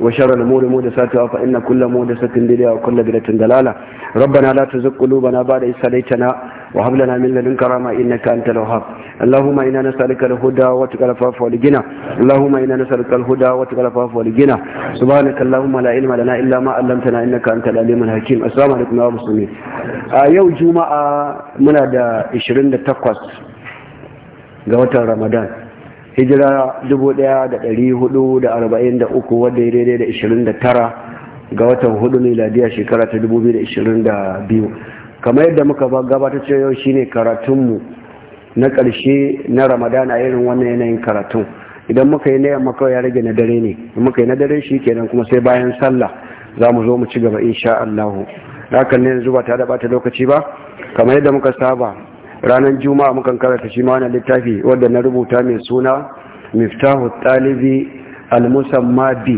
وشر الأمور مودساتها فإن كل مودسة بدعة وكل بدعة ضلالة ربنا لا تزغ قلوبنا بعد إذ هديتنا وهب لنا من لدنك رحمة إنك أنت الوهاب اللهم إنا نسألك الهدى وتقى العفاف والغنى اللهم إنا نسألك الهدى وتقى العفاف والغنى سبحانك اللهم لا علم لنا إلا ما علمتنا إنك أنت العليم الحكيم السلام عليكم يا مسلمين يوم جمعة منا دا 28 ga watan Ramadan hijira 1443 wadda ya daidai da 29 ga watan hudu miladiya shekara ta 2022 kamar yadda muka gabatar cewa yau shine karatunmu na ƙarshe na ramadana irin wannan yanayin karatun idan muka yi na yamma kawai ya rage na dare ne muka yi na dare shi kenan kuma sai bayan sallah za mu zo mu ci gaba insha Allah hakan ne yanzu ba ta da bata lokaci ba kamar yadda muka saba ranar juma'a mukan karanta shi ma littafi wanda na rubuta mai suna miftahu talibi al-musamma bi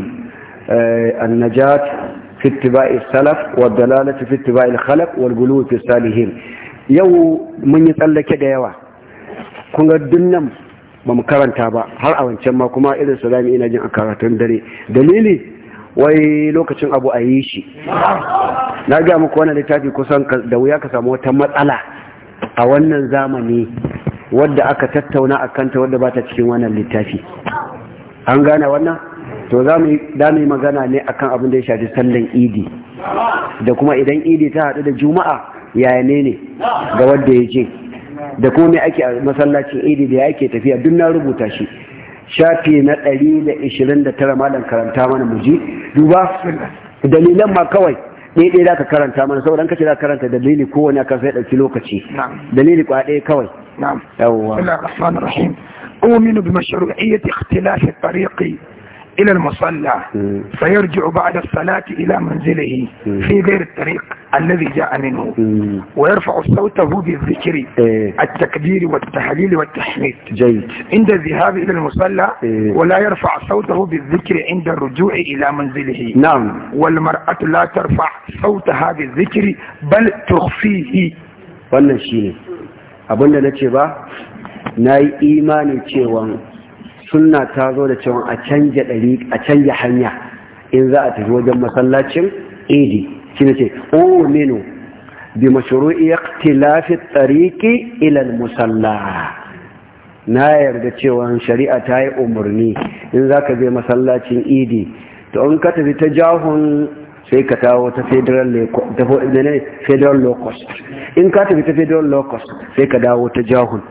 eh, an-najat fi ittiba'i salaf wa dalalati fi ittiba'i al khalq wal ghuluw fi salihin yau mun yi tsallake da yawa kun ga dunnan ba mu karanta ba har a wancan ma kuma irin su zamu ina jin a karatun dare dalili wai lokacin abu a yi shi na ga muku wannan littafi kusan da wuya ka samu wata matsala a wannan zamani wadda aka tattauna a kanta wadda ba ta cikin wannan littafi an gane wannan to za mu yi magana ne akan abin da ya shafi sallan idi da kuma idan idi ta haɗu da juma'a yaya ne ne ga wadda ya je da kuma me ake a masallacin idi da ya ake tafiya duk na rubuta shi shafi na 129 malam karanta mana muji duba dalilan ma kawai ɗaya za ka karanta mana saboda kace za karanta dalili kowane akan sai dauki lokaci dalili kwa dai kawai na'am yawwa بسم rahim الرحمن bi mashru'iyyati ikhtilaf at-tariqi إلى المصلى فيرجع بعد الصلاة إلى منزله في غير الطريق الذي جاء منه ويرفع صوته بالذكر إيه. التكبير والتحليل والتحميد جيد عند الذهاب إلى المصلى إيه. ولا يرفع صوته بالذكر عند الرجوع إلى منزله نعم والمرأة لا ترفع صوتها بالذكر بل تخفيه wannan أبونا abinda nace ba nayi sunna ta zo da cewa a canja ɗari a canja hanya in za a tafi wajen masallacin idi shi ne ce uminu bi mashru'i ikhtilafi tariqi ila musalla na yarda cewa shari'a ta yi umarni in za ka je masallacin idi to in ka tafi ta jahun sai ka tawo ta federal low in ka tafi ta federal low sai ka dawo ta jahun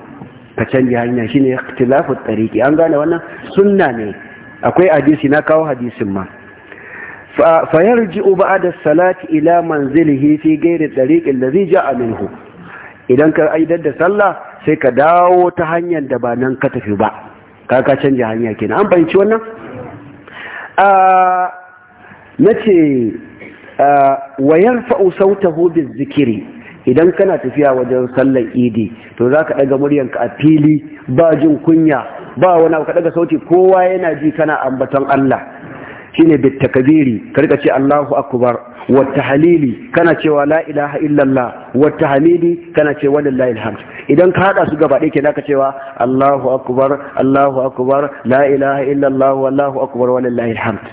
ka canja hanya shine ikhtilafu tariqi an gane wannan sunna ne akwai hadisi na kawo hadisin ma fa yarji'u ba'da salati ila manzilihi fi ghairi tariqi allazi ja'a minhu idan ka aidar da sallah sai ka dawo ta hanyar da ba nan ka tafi ba ka ka hanya kenan an fahimci wannan a nace wa yarfa'u sautahu bizikiri idan kana tafiya wajen sallar idi to za ka ɗaga muryanka a fili ba jin kunya ba wani abu ka ɗaga sauti kowa yana ji kana ambaton Allah ne bit Kabiri ka riƙa ce Allahu akbar wa tahlili kana cewa la ilaha illallah wa tahmidi kana cewa la alhamd idan ka haɗa su gaba ɗaya kenan ka cewa Allahu akbar Allahu akbar la ilaha illallah wallahu akbar wa lillahi alhamd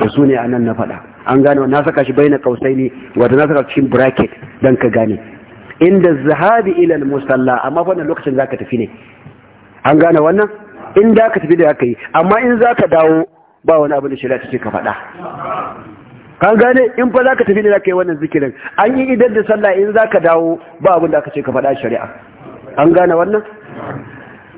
to sune anan na faɗa an gane na saka shi baina kausai ne na saka cikin bracket don ka gane inda zahabi ilal musalla amma wannan lokacin zaka tafi ne an gane wannan in da ka tafi da aka yi amma in zaka dawo ba wani abu da shari'a ta ce ka faɗa kan gane in fa zaka tafi ne zaka yi wannan zikirin an yi idan da sallah in zaka dawo ba abin da aka ce ka faɗa shari'a an gane wannan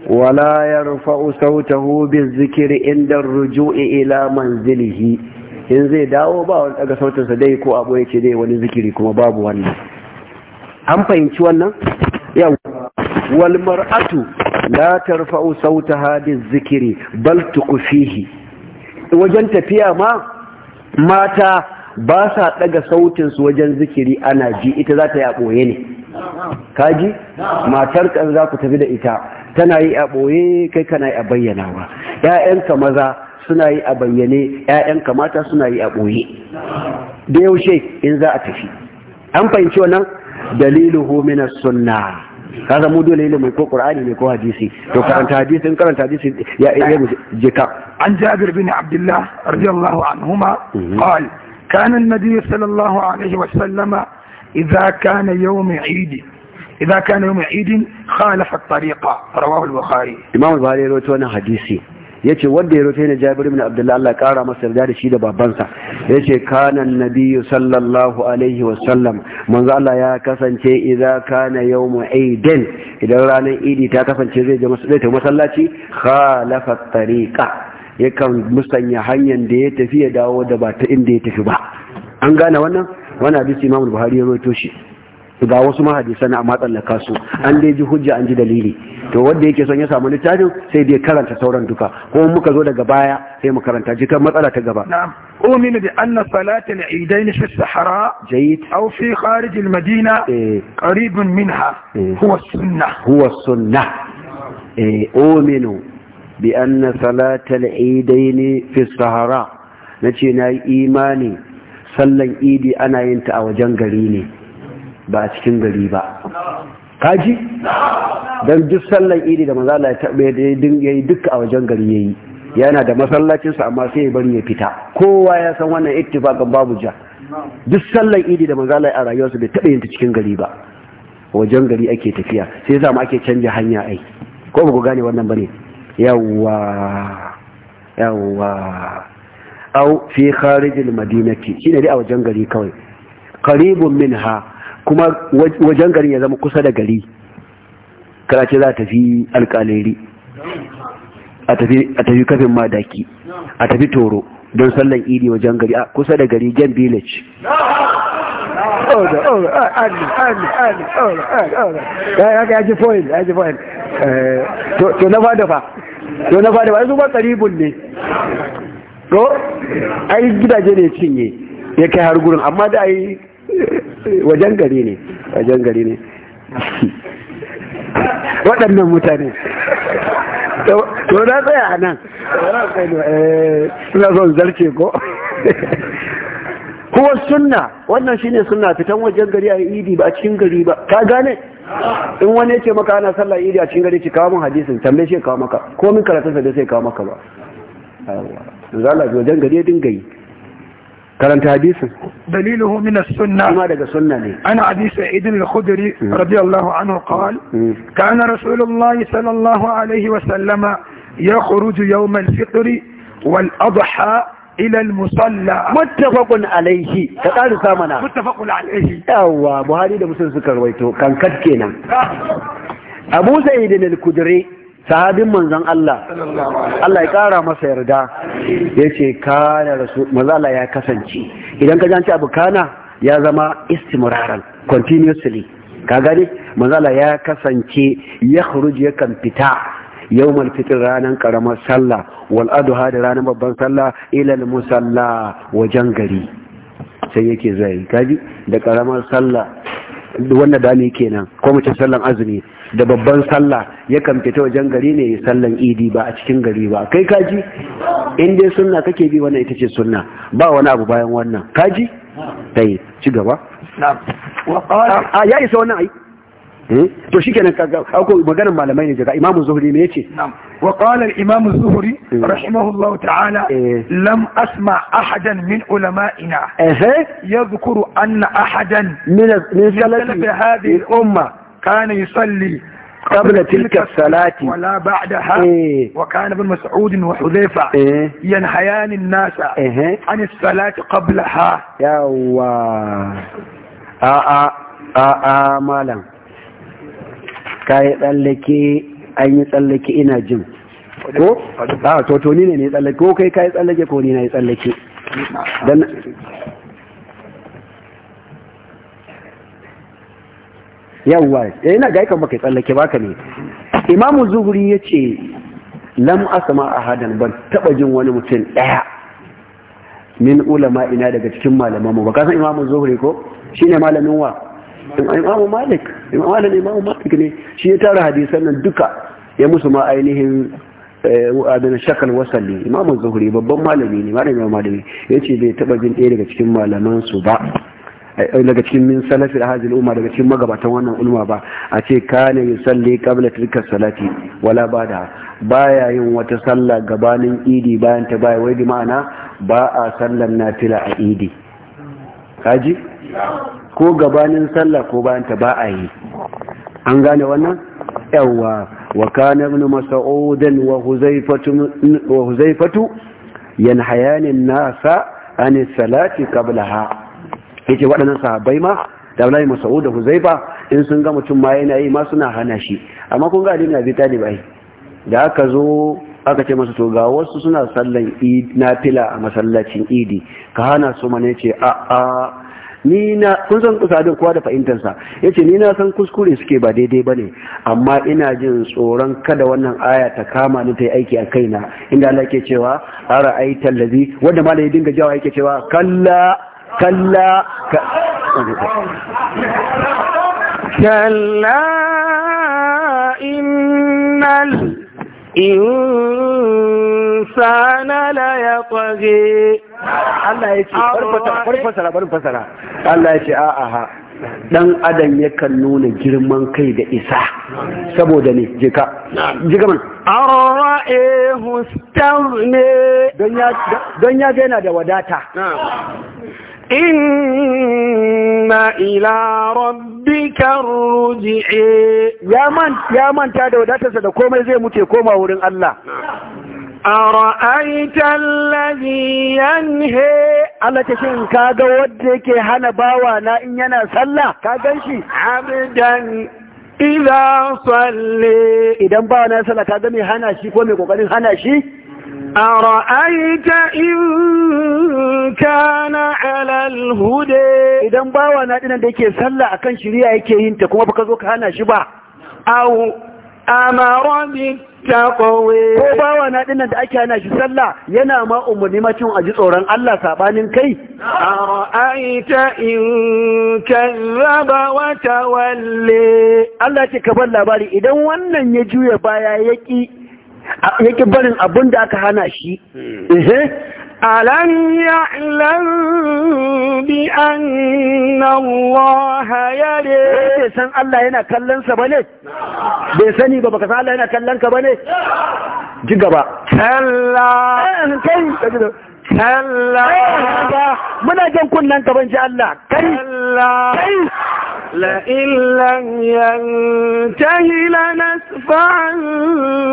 wala yarfa'u sautahu bizikri inda rujui ila manzilihi in zai dawo ba wani daga sautinsa dai ko abu ya ce dai wani zikiri kuma babu wannan an fahimci wannan yau wal mar'atu la tarfa'u hadis zikiri bal tuqfihi wajen tafiya ma mata ba sa daga sautin su wajen zikiri ana ji ita za ta yi a ɓoye ne kaji matar ka za ku tafi da ita tana yi a ɓoye kai kana yi a bayyanawa 'ya'yanka maza suna yi a bayyane 'ya'yan kamata suna yi a ɓoye da yaushe in za a tafi an fahimci wannan daliluhu min sunna ka zama dole ilimin ko qur'ani ne ko hadisi to karanta hadisi karanta hadisi ya iya jika an jabir bin abdullah radiyallahu anhuma mhm. qal kana an-nabi sallallahu alaihi wa sallama kana yawm eid kana yawm eid khalafa at-tariqa rawahu al-bukhari imam al-bukhari wannan hadisi yace wanda ya rufe ni Jabir ibn Abdullah Allah kara masa yarda da shi da babansa yace kana nabiyyu sallallahu alaihi wa sallam manzo Allah ya kasance idza kana yawmu aidin idan ranar idi ta kasance zai je masallaci khalafa tariqa yakan musanya hanyar da ya tafi ya dawo da ba ta inda ya tafi ba an gane wannan wannan hadisi Imam Buhari ya rawaito shi ga wasu mahadisa na amma tsallaka su an dai ji hujja an ji dalili to wanda yake son ya samu littafin sai dai karanta sauran duka ko muka zo daga baya sai mu karanta jikan matsala ta gaba na'am umin bi anna salata al-eidain fi sahara jayyid aw fi kharij al-madina eh. qaribun minha eh. huwa sunnah huwa sunnah eh, bi anna salata al-eidain fi sahara nace na imani sallan idi ana yin ta a wajen gari ne ba a cikin gari ba kaji don duk sallan idi da maza Allah ya yi duk a wajen gari ya yi yana da masallacinsa amma sai ya bari ya fita kowa ya san wannan ittifaqan babu ja duk sallan idi da maza Allah a rayuwarsa bai taɓa yin ta cikin gari ba wajen gari ake tafiya sai yasa mu ake canja hanya ai ko ba ku gane wannan bane yawwa yawwa au fi kharijil madinati shine dai a wajen gari kawai min ha? kuma wajen garin ya zama kusa da gari karace za a tafi alkaleri a tafi kafin madaki a tafi toro don sallan idi wajen gari a kusa da gari jan village ya eh, to na fada fa ba karibun ne to ai gidaje ne cinye ya kai har gurin amma da ai wajen gari ne wajen gari ne waɗannan mutane to na tsaya a nan suna eh, son zarce ko kuwa sunna wannan shine sunna fitan wajen gari a idi ba a cikin gari ba ka gane in wani ya ce maka ana sallah idi a cikin gari ki kawo min hadisin tambaye shi kawo maka ko min karatun sa da sai kawo maka ba zala wajen gari ya dinga yi karanta hadisin daliluhu min as-sunna kuma daga sunna ne ana hadisi idan al-khudri hmm. radiyallahu anhu qala hmm. kana rasulullahi sallallahu alaihi wa sallama yakhruju yawm al-fitr wal adha ila al-musalla muttafaqun alayhi ka ƙara samana muttafaqun alayhi yawa buhari da muslim suka rawaito kankat kenan abu sa'id al-khudri sahabin manzon Allah Allah ya kara masa yarda ya yace kana rasul mazala ya kasance idan ka janci abu kana ya zama istimraran continuously ka gani mazala ya kasance ya khuruj ya kan fita yawmal fitr ranan karamar sallah wal adha da ranan babban sallah ila al musalla wajen gari sai yake zai kaji da karamar sallah wannan dani kenan ko mu ce sallan azumi da babban sallah ya kan fita wajen gari ne sallan idi ba a cikin gari ba kai kaji in dai sunna kake bi wannan ita ce sunna ba wani abu bayan wannan kaji ""Tayi, ci gaba ya isa wannan ai Hmm? to shikenan kaga ko maganar malamai ne daga imamu zuhri me yace wa qala al imam zuhri hmm. rahimahullahu ta'ala eh. lam asma ahadan min ulama'ina yadhkuru anna ahadan min min salaf hadhihi al umma kana yusalli قبل تلك الصلاة ولا بعدها وكان ابن مسعود وحذيفة ينحيان الناس عن الصلاة قبلها يا الله آآ آآ آآ مالا ka yi tsallake an yi tsallake ina jin ko a to ni ne ne tsallake ko kai ka yi tsallake ko ni na yi tsallake yawwa ya eh, yana ga aikan baka yi tsallake baka ne imamu zuhuri ya ce lam asama a hadan ban taba jin wani mutum ɗaya min ulama ina daga cikin mu ba kasan imamu zuhuri ko shine malamin wa imamu malik imamu imamu malik ne shi ya tara hadisan nan duka ya musu ma ainihin eh, adana shakal wasalli imamu zuhuri babban malami ne malami malami ya ce bai taba jin ɗaya daga cikin malaman su ba eh, daga cikin min salafin hajjil umma daga cikin magabatan wannan ulma ba a ce kana yi salli kabla tilkar salati wala ba da baya yin wata salla gabanin idi bayan ta baya wai ma'ana ba a na nafila a idi kaji ko gabanin sallah ko bayan ta ba a yi an gane wannan yawa wa kana ibn mas'ud wa huzaifatu wa huzaifatu yanhayani nasa an salati qablaha yace waɗannan sahabbai ma da Abdullahi Mas'ud da Huzaifa in sun ga mutum ma yana yi ma suna hana shi amma kun ga Ali ibn Abi ai da aka zo aka ce masa to ga wasu suna sallan nafila a masallacin idi ka hana su ne ce a a ni na kun san kusadin kuwa da fahimtarsa ya ce ni na san kuskure suke ba daidai ba ne amma ina jin tsoron kada wannan aya ta kama ni ta yi aiki a kaina inda Allah ke cewa ara ai tallazi wanda ma ya dinga jawa yake cewa kalla kalla kalla innal insana la yaqdi Allah ya ce fasara, farfasara farfasara Allah ya ce a'a ha dan adam yakan nuna girman kai da isa saboda ne jika jika man arra'ihu stawne don ya don ya ga yana da wadata inna ila rabbika ruji'i ya manta da wadatarsa da komai zai mutu koma wurin Allah ara'aita allazi yanhi Allah ta shin kaga wanda yake hana bawa na in yana sallah ka ganshi abdan idan salli idan bawa na sallah kaga me hana shi ko me kokarin hana shi أرأيت إن كان على الهدى إذن باوى نادنا ديكي سلا أكن شريعة يكي انت كما بكذوك هانا شبع أو أمر بالتقوى ko bawa na da ake hana shi sallah yana ma umarni macin aji tsoron Allah sabanin kai ara'aita in kazzaba wa tawalli Allah ce ka bar labari idan wannan ya juya baya ya ƙi. yake barin abin da aka hana shi alam ya'lam bi anna Allah ya re bai san Allah yana kallonsa ba ne? bai sani ba ka san Allah yana kallon ka bane ji gaba sallah eh, kalla muna jan kunnan ka banji Allah kai kai لئن لم ينتهي لنسفعا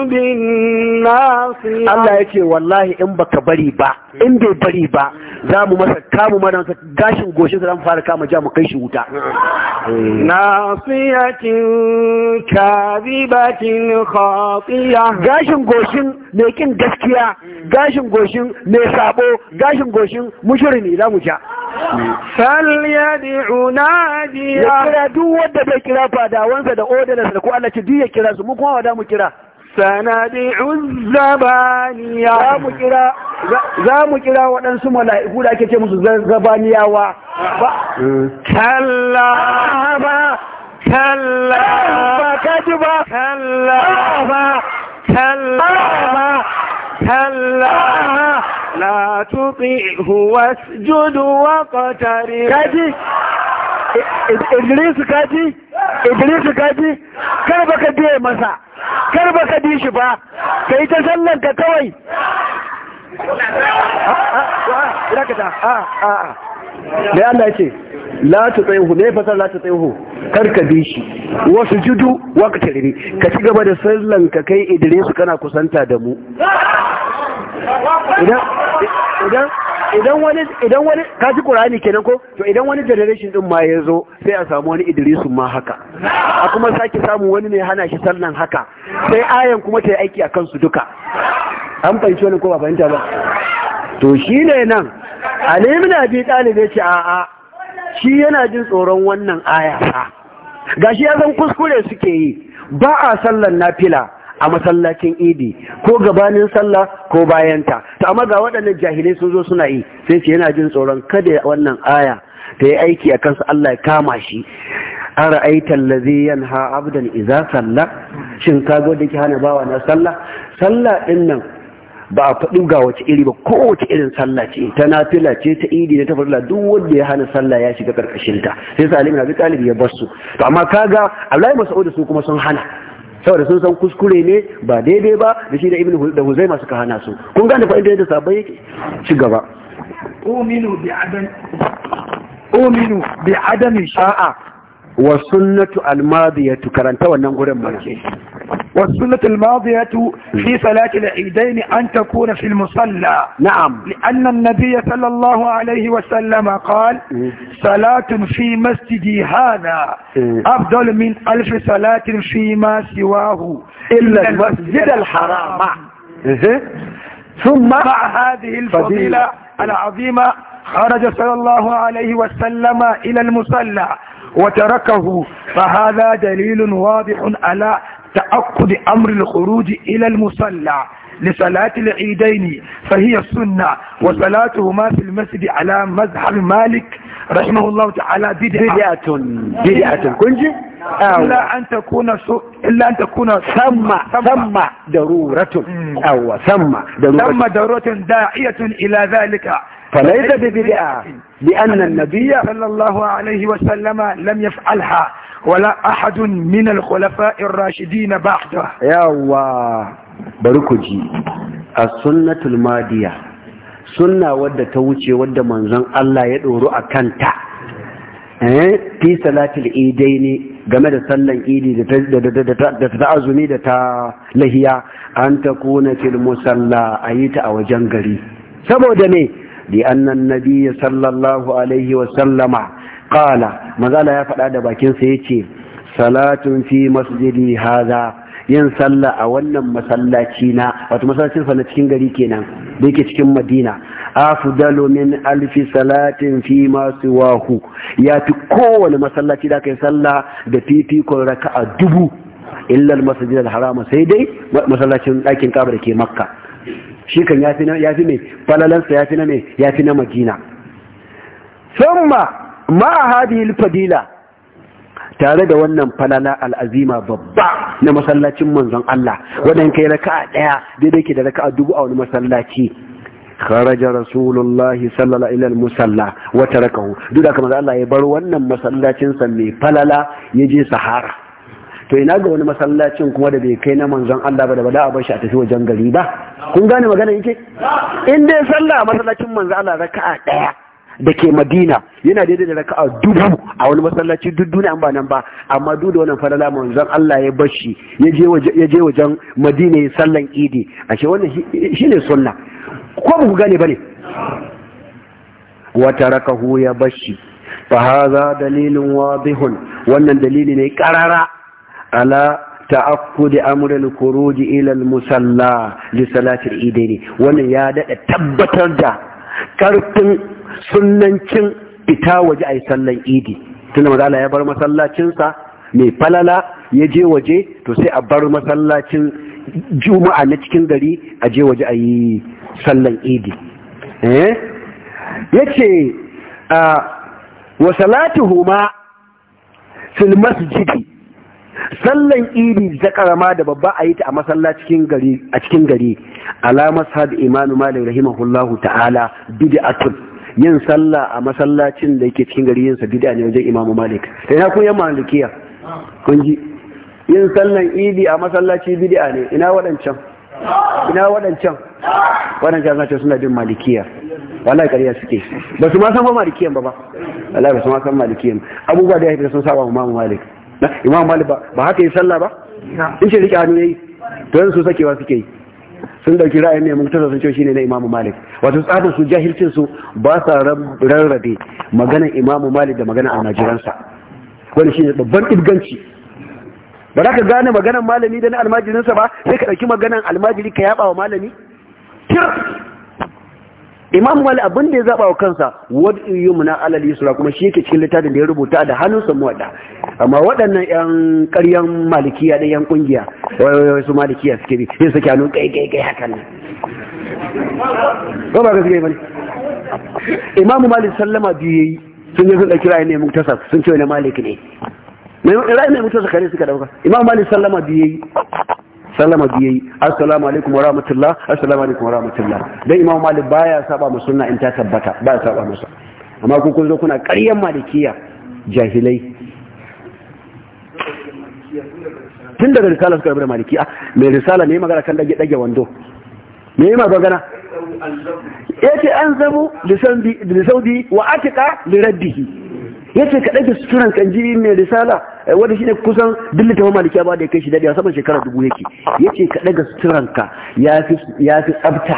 بالناصية الله yake wallahi in baka bari ba in bai bari ba za mu masa kamu mana masa gashin goshin sa mu fara kama ja mu kai shi wuta hmm. nasiyatin kadibatin khatiya gashin goshin mai kin gaskiya gashin goshin mai sabo gashin goshin ne za mu sha falyad'u nadiya ya kira duk wanda bai kira fadawansa da odalarsa da ko Allah ce duk ya kira su mu kuma wada mu kira Sanadi zabaniya za mu kira za mu kira waɗansu mala'iku da ake ce musu zabaniyawa ba kalla ba kalla ba kaji ba kalla ba kalla ba kalla لا تطيعه واسجد waqtari كاجي Idris كاجي Idris كاجي kar baka مسا masa kar baka bi shi ba ta ka kawai Allah ce la ta tsayihu ne fasar la ta kar ka bi shi wasu judu ka ci gaba da sallan ka kai Idris kana kusanta da mu idan wani idan kaji kenan ko to idan wani generation din ma ya zo sai a samu wani idrisu ma haka a kuma sake samu wani ne hana shi sannan haka sai ayan kuma ta yi aiki a kansu duka an fahimci wani ko ba fahimta ba to shi ne nan ali na abi talib ya ce a'a shi yana jin tsoron wannan aya Ga shi ya zan kuskure suke yi ba a sallan fila. a masallacin idi ko gabanin sallah ko bayanta to amma ga waɗannan jahilai sun zo suna yi sai ce yana jin tsoron kada wannan aya ta yi aiki a kansu Allah ya kama shi an ra'aitar lazi yanha abdan iza salla shin ka da ke hana bawa na salla salla din nan ba a faɗi ga wace iri ba kowace irin sallah ce ta nafila ce ta idi da ta farla duk wanda ya hana sallah ya shiga karkashin sai salim na bi talib ya bar su to amma kaga Allah ya masu su kuma sun hana saboda sun san kuskure ne ba daidai ba da shi da ibn da huzai masu suka hana su kun gane da yadda sabon yake ci gaba uminu bi adam bi adam sha'a وسنة الماضية كرنت ونقول منا والسنة الماضية في صلاة العيدين أن تكون في المصلى نعم لأن النبي صلى الله عليه وسلم قال صلاة في مسجدي هذا أفضل من ألف صلاة فيما سواه إلا المسجد الحرام إيه. ثم مع هذه الفضيلة العظيمة خرج صلى الله عليه وسلم إلى المصلى وتركه فهذا دليل واضح على تأكد أمر الخروج إلى المصلى لصلاة العيدين فهي السنة وصلاتهما في المسجد على مذهب مالك رحمه الله تعالى بدعة بدعة كنجي إلا أن تكون سو... إلا أن تكون ثم ثم ضرورة أو ثم ضرورة ثم ضرورة داعية إلى ذلك فليس ببدعة لأن النبي صلى الله عليه وسلم لم يفعلها ولا أحد من الخلفاء الراشدين بعده يا الله جي السنة المادية سنة ودى توجي ودى منزن الله يدور أكانتا fi salatul idai ne game da sallan idi da أن azumi da ta lahiya an ta fil musalla a wajen gari saboda ne لأن النبي صلى الله عليه وسلم قال ما زال يفعل هذا باكين سيتي صلاة في مسجدي هذا yin sallah a wannan masallaci na wato masallacin sallah cikin gari kenan da yake cikin madina afdalu min alfi salatin fi masu wahu ya fi kowane masallaci da kai sallah da fifikon raka'a dubu illal masjid al-harama sai dai masallacin ɗakin kabar ke makka shi kan ya fi ne falalansa ya fi na magina. ya fi na madina ma fadila tare da wannan falala al'azima babba na masallacin manzon Allah wadan kai raka'a ɗaya, daidai ke da raka'a dubu a wani masallaci kharaja rasulullah sallallahu alaihi musalla wata rakahu. duk da kamar Allah ya bar wannan masallacin sa mai falala ya je sahara to ina ga wani masallacin kuma da bai kai na manzon Allah ba da bada a shi a tafi wajen gari ba kun gane magana yake in dai sallah a masallacin manzon Allah raka'a daya da ke Madina yana daidai da raka'a dubu a wani masallaci duk duniya an ba nan ba amma duk da wannan farala manzon Allah ya bar shi ya je wajen Madina ya sallan Idi ashe wannan shine sunna ko ba ku gane bane wa tarakahu ya bashi fa hadha dalilun wadihun wannan dalili ne karara ala ta'akkud amr al-khuruj ila al-musalla li salati al-idaini wannan ya dada tabbatar da ƙarfin sunnancin fita waje ayi sallan idi tunda manzo Allah ya bar masallacin mai falala ya je waje to sai a bar masallacin juma'a na cikin gari a je waje ayi sallan idi eh yace wa salatuhuma fil masjidi sallan idi ta karama da babba a yi ta a masalla a cikin gari alamar sahab imanu malik rahimahullahu ta'ala bid'atun yin sallah a masallacin da yake cikin gari yin sa bid'a ne wajen imamu malik da na kun yan malikiya kun ji yin sallan idi a masallaci bid'a ne ina waɗancan ina waɗancan waɗancan zace suna bin malikiya wallahi ƙarya suke ba su ma san malikiyan ba ba wallahi ba su ma san malikiyan abubuwa da ya fi sun saba mu mamu malik imam malik ba haka yi sallah ba in ce rike hannu yayi to yanzu sakewa suke yi sun dauki ra'ayin ne mun tsara sun ce shine na imam malik wato tsafin su jahilcin su ba sa rarrabe magana imam malik da magana almajiransa wani shine babban ibganci ba za ka gane maganar malami da na almajirinsa ba sai ka ɗauki maganar almajiri ka yaba wa malami imam mali abin da ya zaba wa kansa wad yumna alal sura kuma shi yake cikin littafin da ya rubuta da hannun hannunsa muwadda amma waɗannan yan ƙaryan malikiya da yan kungiya su malikiya suke bi sai suke hannun kai kai kai hakan nan ba ba gaskiya bane imam malik sallama biyu yayi sun yi sun ɗauki ra'ayin ne muktasar sun ce wani malik ne ra'ayin ne muktasar kare suka dauka imam malik sallama biyu yayi sallama biyayi assalamu alaikum wa rahmatullah assalamu alaikum wa rahmatullah dan imam malik baya saba mu sunna in ta tabbata baya saba masa amma ku kun zo kuna ƙaryan malikiya jahilai tun daga risala suka rabu da malikiya mai risala ne magana kan dage dage wando me yi magana yace an zabu lisaudi wa atika liraddihi yace ka ɗauke suturan kanji mai risala eh, wanda shine kusan dillita wa malikiya ba da ya kai shi dadi a saman shekara dubu yake yace ka ɗaga suturan ka ya fi tsabta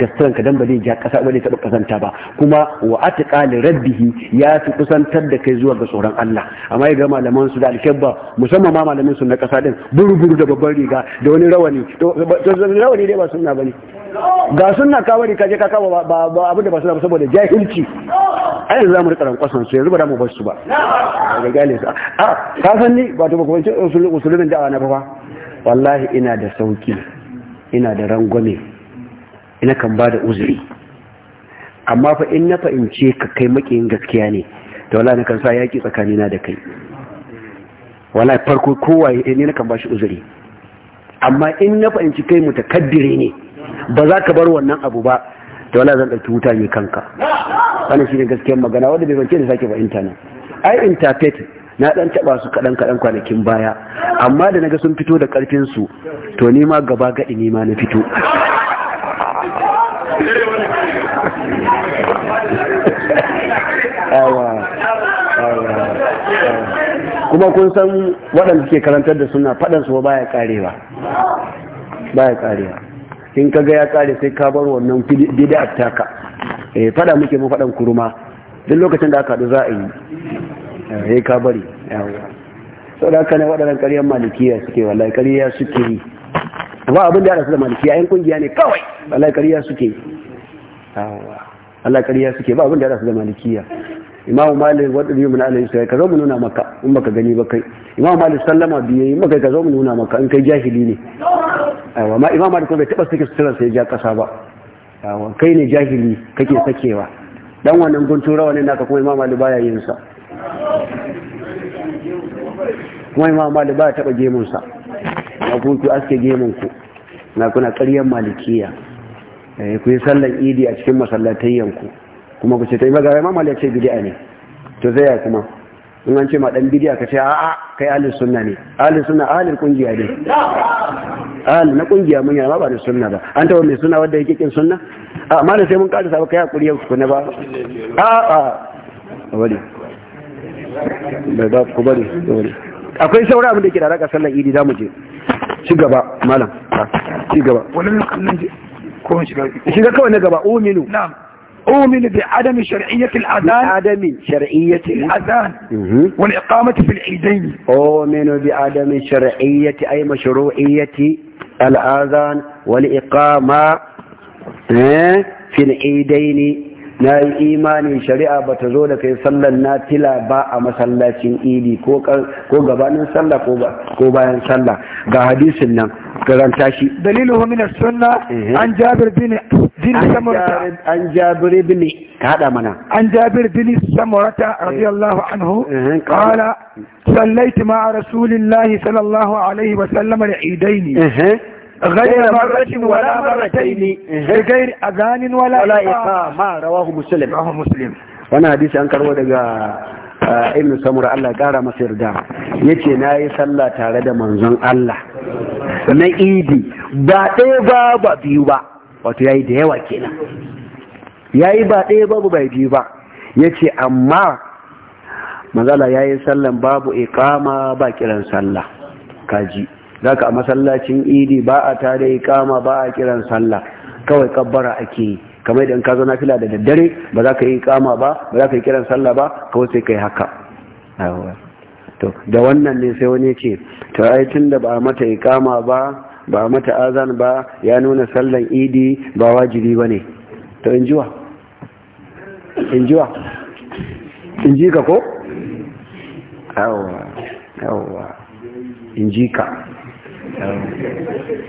ga suturan ka dan ba zai ja kasa ba zai taɓa kasanta ba kuma wa atqa li rabbihi ya fi kusantar da kai zuwa ga tsoron Allah amma ga malaman su da alkebba musamman ma malamin su na kasa din buru-buru da babban riga da wani rawani to rawani dai ba sunna bane ga sunna kawari kaje ka kawo ba abin da ba sunna ba saboda jahilci a za mu riƙa rankwasan su yanzu ba da mu bar su ba ga gane su a ka ni ba ta bakwanci usulun da'awa na ba wallahi ina da sauki ina da rangwame ina kan ba da uzuri amma fa in na fahimce ka kai makiyin gaskiya ne da wala na kan sa yaƙi tsakanina da kai wallahi farko kowa eh, ne na kan ba shi uzuri amma in na fahimci kai mutakaddire ne ba za ka bar wannan abu ba to wala zan ɗauki wuta mai kanka shi ne gaskiyar magana wanda bai bance da sake ba intanet ai interpret na dan taba su kadan kadan kwanakin baya amma da naga sun fito da karfin su to ni ma gaba gadi ni ma na fito kuma kun san waɗanda suke karantar da suna faɗansu ba baya karewa baya karewa in kaga ya kare sai ka bar wannan bid'a taka eh fada muke mu fadan kuruma. duk lokacin da aka haɗu za a yi eh ka bari sau da aka ne waɗannan ƙaryar malikiya suke wallahi ƙarya suke yi ba abin da ya rasu da malikiya yan kungiya ne kawai wallahi ƙarya suke yi Allah ƙarya suke ba abin da ya rasu da malikiya imamu malik wadda biyu mun alayhi sai ka zo mu nuna maka in baka gani ba kai imamu malik sallama biye in maka ka zo mu nuna maka in kai jahili ne aiwa ma imamu malik bai taba sake sutura sai ja kasa ba aiwa kai ne jahili kake sakewa dan wannan guntun rawa ne naka kuma imamu malik baya yin sa kuma imamu malik baya taba gemun sa na kuntu aske gemun ku na kuna ƙaryar malikiya eh, ku yi sallan idi a cikin masallatayyanku kuma ku ce ta yi magana ma ya ce bidiya ne to zai ya kuma in an ce ma dan bidiya ka ce a'a kai alin sunna ne alin sunna alin kungiya ne alin na kungiya mun yana ba da sunna ba an tawo mai sunna wanda yake kin sunna a amma sai mun kada sabu kai hakuri yau kuna ba a a wani ku bari wani akwai saura abin da ke da raka sallar idi mu je ci gaba malam ci gaba wani nan ko shiga kawai na gaba uminu na'am أؤمن بعدم شرعية الأذان بعدم شرعية الأذان والإقامة في العيدين أؤمن بعدم شرعية أي مشروعية الأذان والإقامة في العيدين na yi شريعة بتزول في ta zo باء kai إيدي natila ba a masallacin idi ko gabanin sallah ko bayan sallah karanta shi dalilu min as-sunna mhm. an jabir bin bin samurata an jabir bin ka hada mana an jabir bin samurata eh. radiyallahu anhu mhm, qala sallaytu ma'a rasulillahi sallallahu alayhi wa sallam al-eidaini غير مرة ولا مرتين غير أذان ولا إقامة رواه مسلم رواه مسلم وانا حديث أنكر ودقى ibn samura Allah kara masa yarda yace na yi sallah tare da manzon Allah na idi ba ɗaya ba ba biyu ba wato yayi da yawa kenan yayi ba ɗaya ba ba biyu ba yace amma manzala yayi sallan babu iqama ba kiran sallah kaji zaka a masallacin idi ba a tare iqama ba a kiran sallah kawai kabbara ake yi kamar idan ka zo na fila da daddare ba za ka yi kama ba ba za ka yi kiran sallah ba kawai sai ka yi haka to da wannan ne sai wani ce to ai da ba mata ikama ba ba mata azan ba ya nuna sallan idi ba wajibi ba ne to in jiwa in jiwa in ji ka ko? yawwa yawwa in ji ka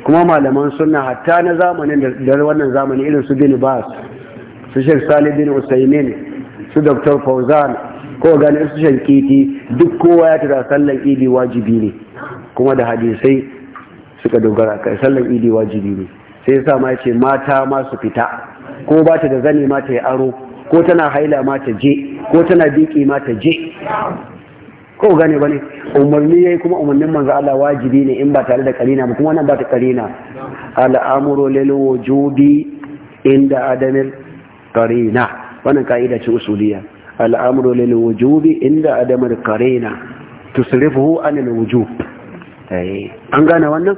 kuma malaman sunna hatta na zamanin da wannan zamani irin su bin bas su shek salih bin usaimin su dr fauzan ko gani su shek kiti duk kowa ya tura sallan idi wajibi ne kuma da hadisai suka dogara kai sallan idi wajibi ne sai ya sa ma ce mata ma su fita ko ba ta da zani ma ta yi aro ko tana haila ma ta je ko tana biki ma ta je ko gane ba ne umarni yayi kuma umarnin manzo Allah wajibi ne in ba tare da karina ba kuma wannan ba ta karina al'amuru lil wujubi inda adamil karina wannan kaida ce usuliya al'amuru lil wujubi inda adamil karina tusrifuhu anil wujub eh, an gane wannan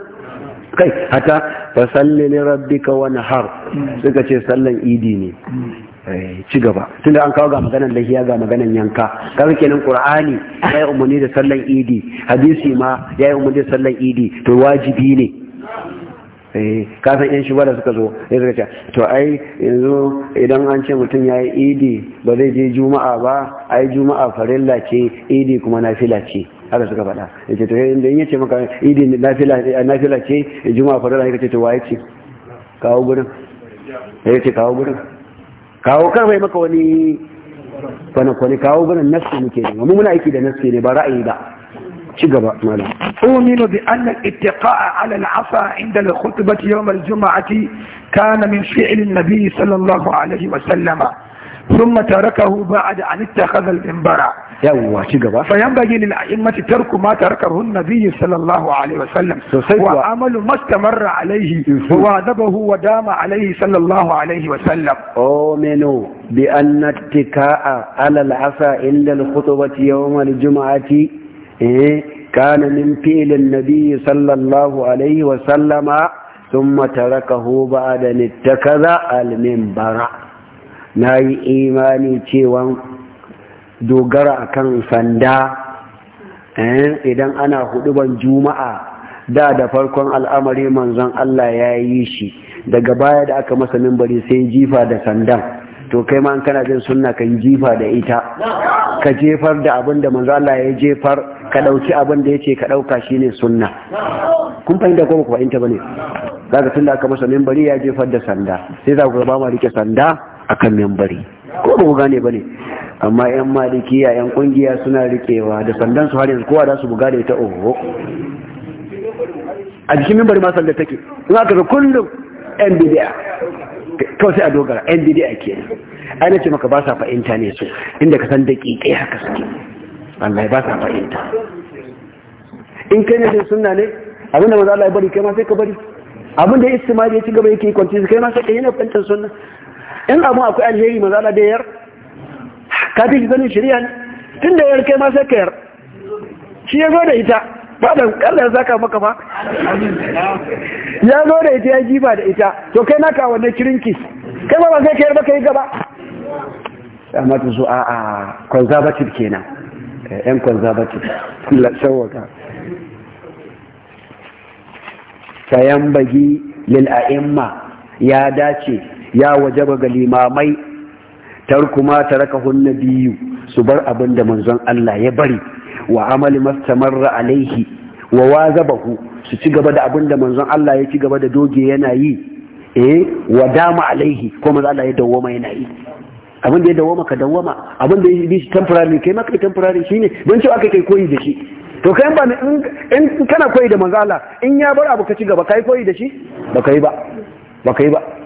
kai hata fasalli li rabbika wanhar suka ce sallan idi ne Eh, ci gaba tunda an kawo ga maganar lahiya ga maganan yanka kaga kenan qur'ani yi umarni da sallan idi hadisi ma ya yi umarni da sallan idi to wajibi ne eh, kafin yan shi da suka zo ya suka ce to ai yanzu idan an ce mutum ya yi idi ba zai je juma'a ba ai juma'a farilla ce idi kuma nafila ce haka suka faɗa ce to inda in ce maka idi nafila nafila ce juma'a farilla ce to waye ce kawo gurin ya ce kawo gurin kawo kar mai maka wani kwane-kwane kawo ganin nafsi muke ne mu muna aiki da nafsi ne ba ra'ayi ba ci gaba malam uminu bi anna ittiqa'a ala al-afa inda al-khutbati yawm al-jum'ati kana min fi'l an-nabi sallallahu alaihi wa sallama ثم تركه بعد أن اتخذ الإنبرة فينبغي للأئمة ترك ما تركه النبي صلى الله عليه وسلم وعمل ما استمر عليه mm-hmm. وواظبه ودام عليه صلى الله عليه وسلم أؤمن بأن اتكاء على العصا إلا الخطبة يوم الجمعة إيه، كان من فعل النبي صلى الله عليه وسلم ثم تركه بعد ان اتخذ المنبر na yi imani cewa dogara akan sanda eh, idan ana ban juma'a da da farkon al'amari manzon Allah ya yi shi daga baya da aka masa mimbari sai jifa da sandan to kai ma kana jin sunna kan jifa da ita ka jefar da abin da manzon Allah ya jefar ka dauki abin da yace ka dauka shine sunna kun fahimta ko ba ku fahimta bane kaga tunda aka masa mimbari ya jefar da sanda sai za ku ba ma rike sanda akan membari ko ba gane ba ne amma yan malikiya yan kungiya suna rikewa da sandan su har yanzu kowa da su buga da ita oho a jikin membari ma sanda take in aka ga kullum yan bidiya kawai sai a dogara yan bidiya kenan ai nace maka ba sa fahimta ne su inda ka san daƙiƙai haka suke Allah ba sa fahimta in kai ne sai sunna ne abinda manzo Allah ya bari kai ma sai ka bari abinda ya istimali ya ci gaba yake kwanci kai ma sai ka yi na fahimtar sunna in abu akwai alheri manzo zana da yar ka fi shirya ne tun da yar kai ma sai ka yar shi ya zo da ita ba da Allah ya saka maka ba ya zo da ita ya jiba da ita to kai naka wannan kirinki kai ma ba sai ka yar ba kai gaba amma ta zo a a conservative kenan eh, yan conservative kula tsawaka fayan bagi lil'a'imma ya dace ya wajaba ga limamai tarku ma hunna biyu su bar abin da manzon Allah ya bari wa amali mastamarra alaihi wa wazabahu su ci gaba da abin da manzon Allah ya ci gaba da doge yana yi eh wa dama alaihi ko manzon Allah ya dawoma yana yi abin da ya dawoma ka dawoma. abin da ya bi temporary kai maka temporary shine don cewa kai kai koyi da shi to kai ba in kana koyi da manzon Allah in ya bar abu ka ci gaba kai koyi da shi ba kai ba ba kai ba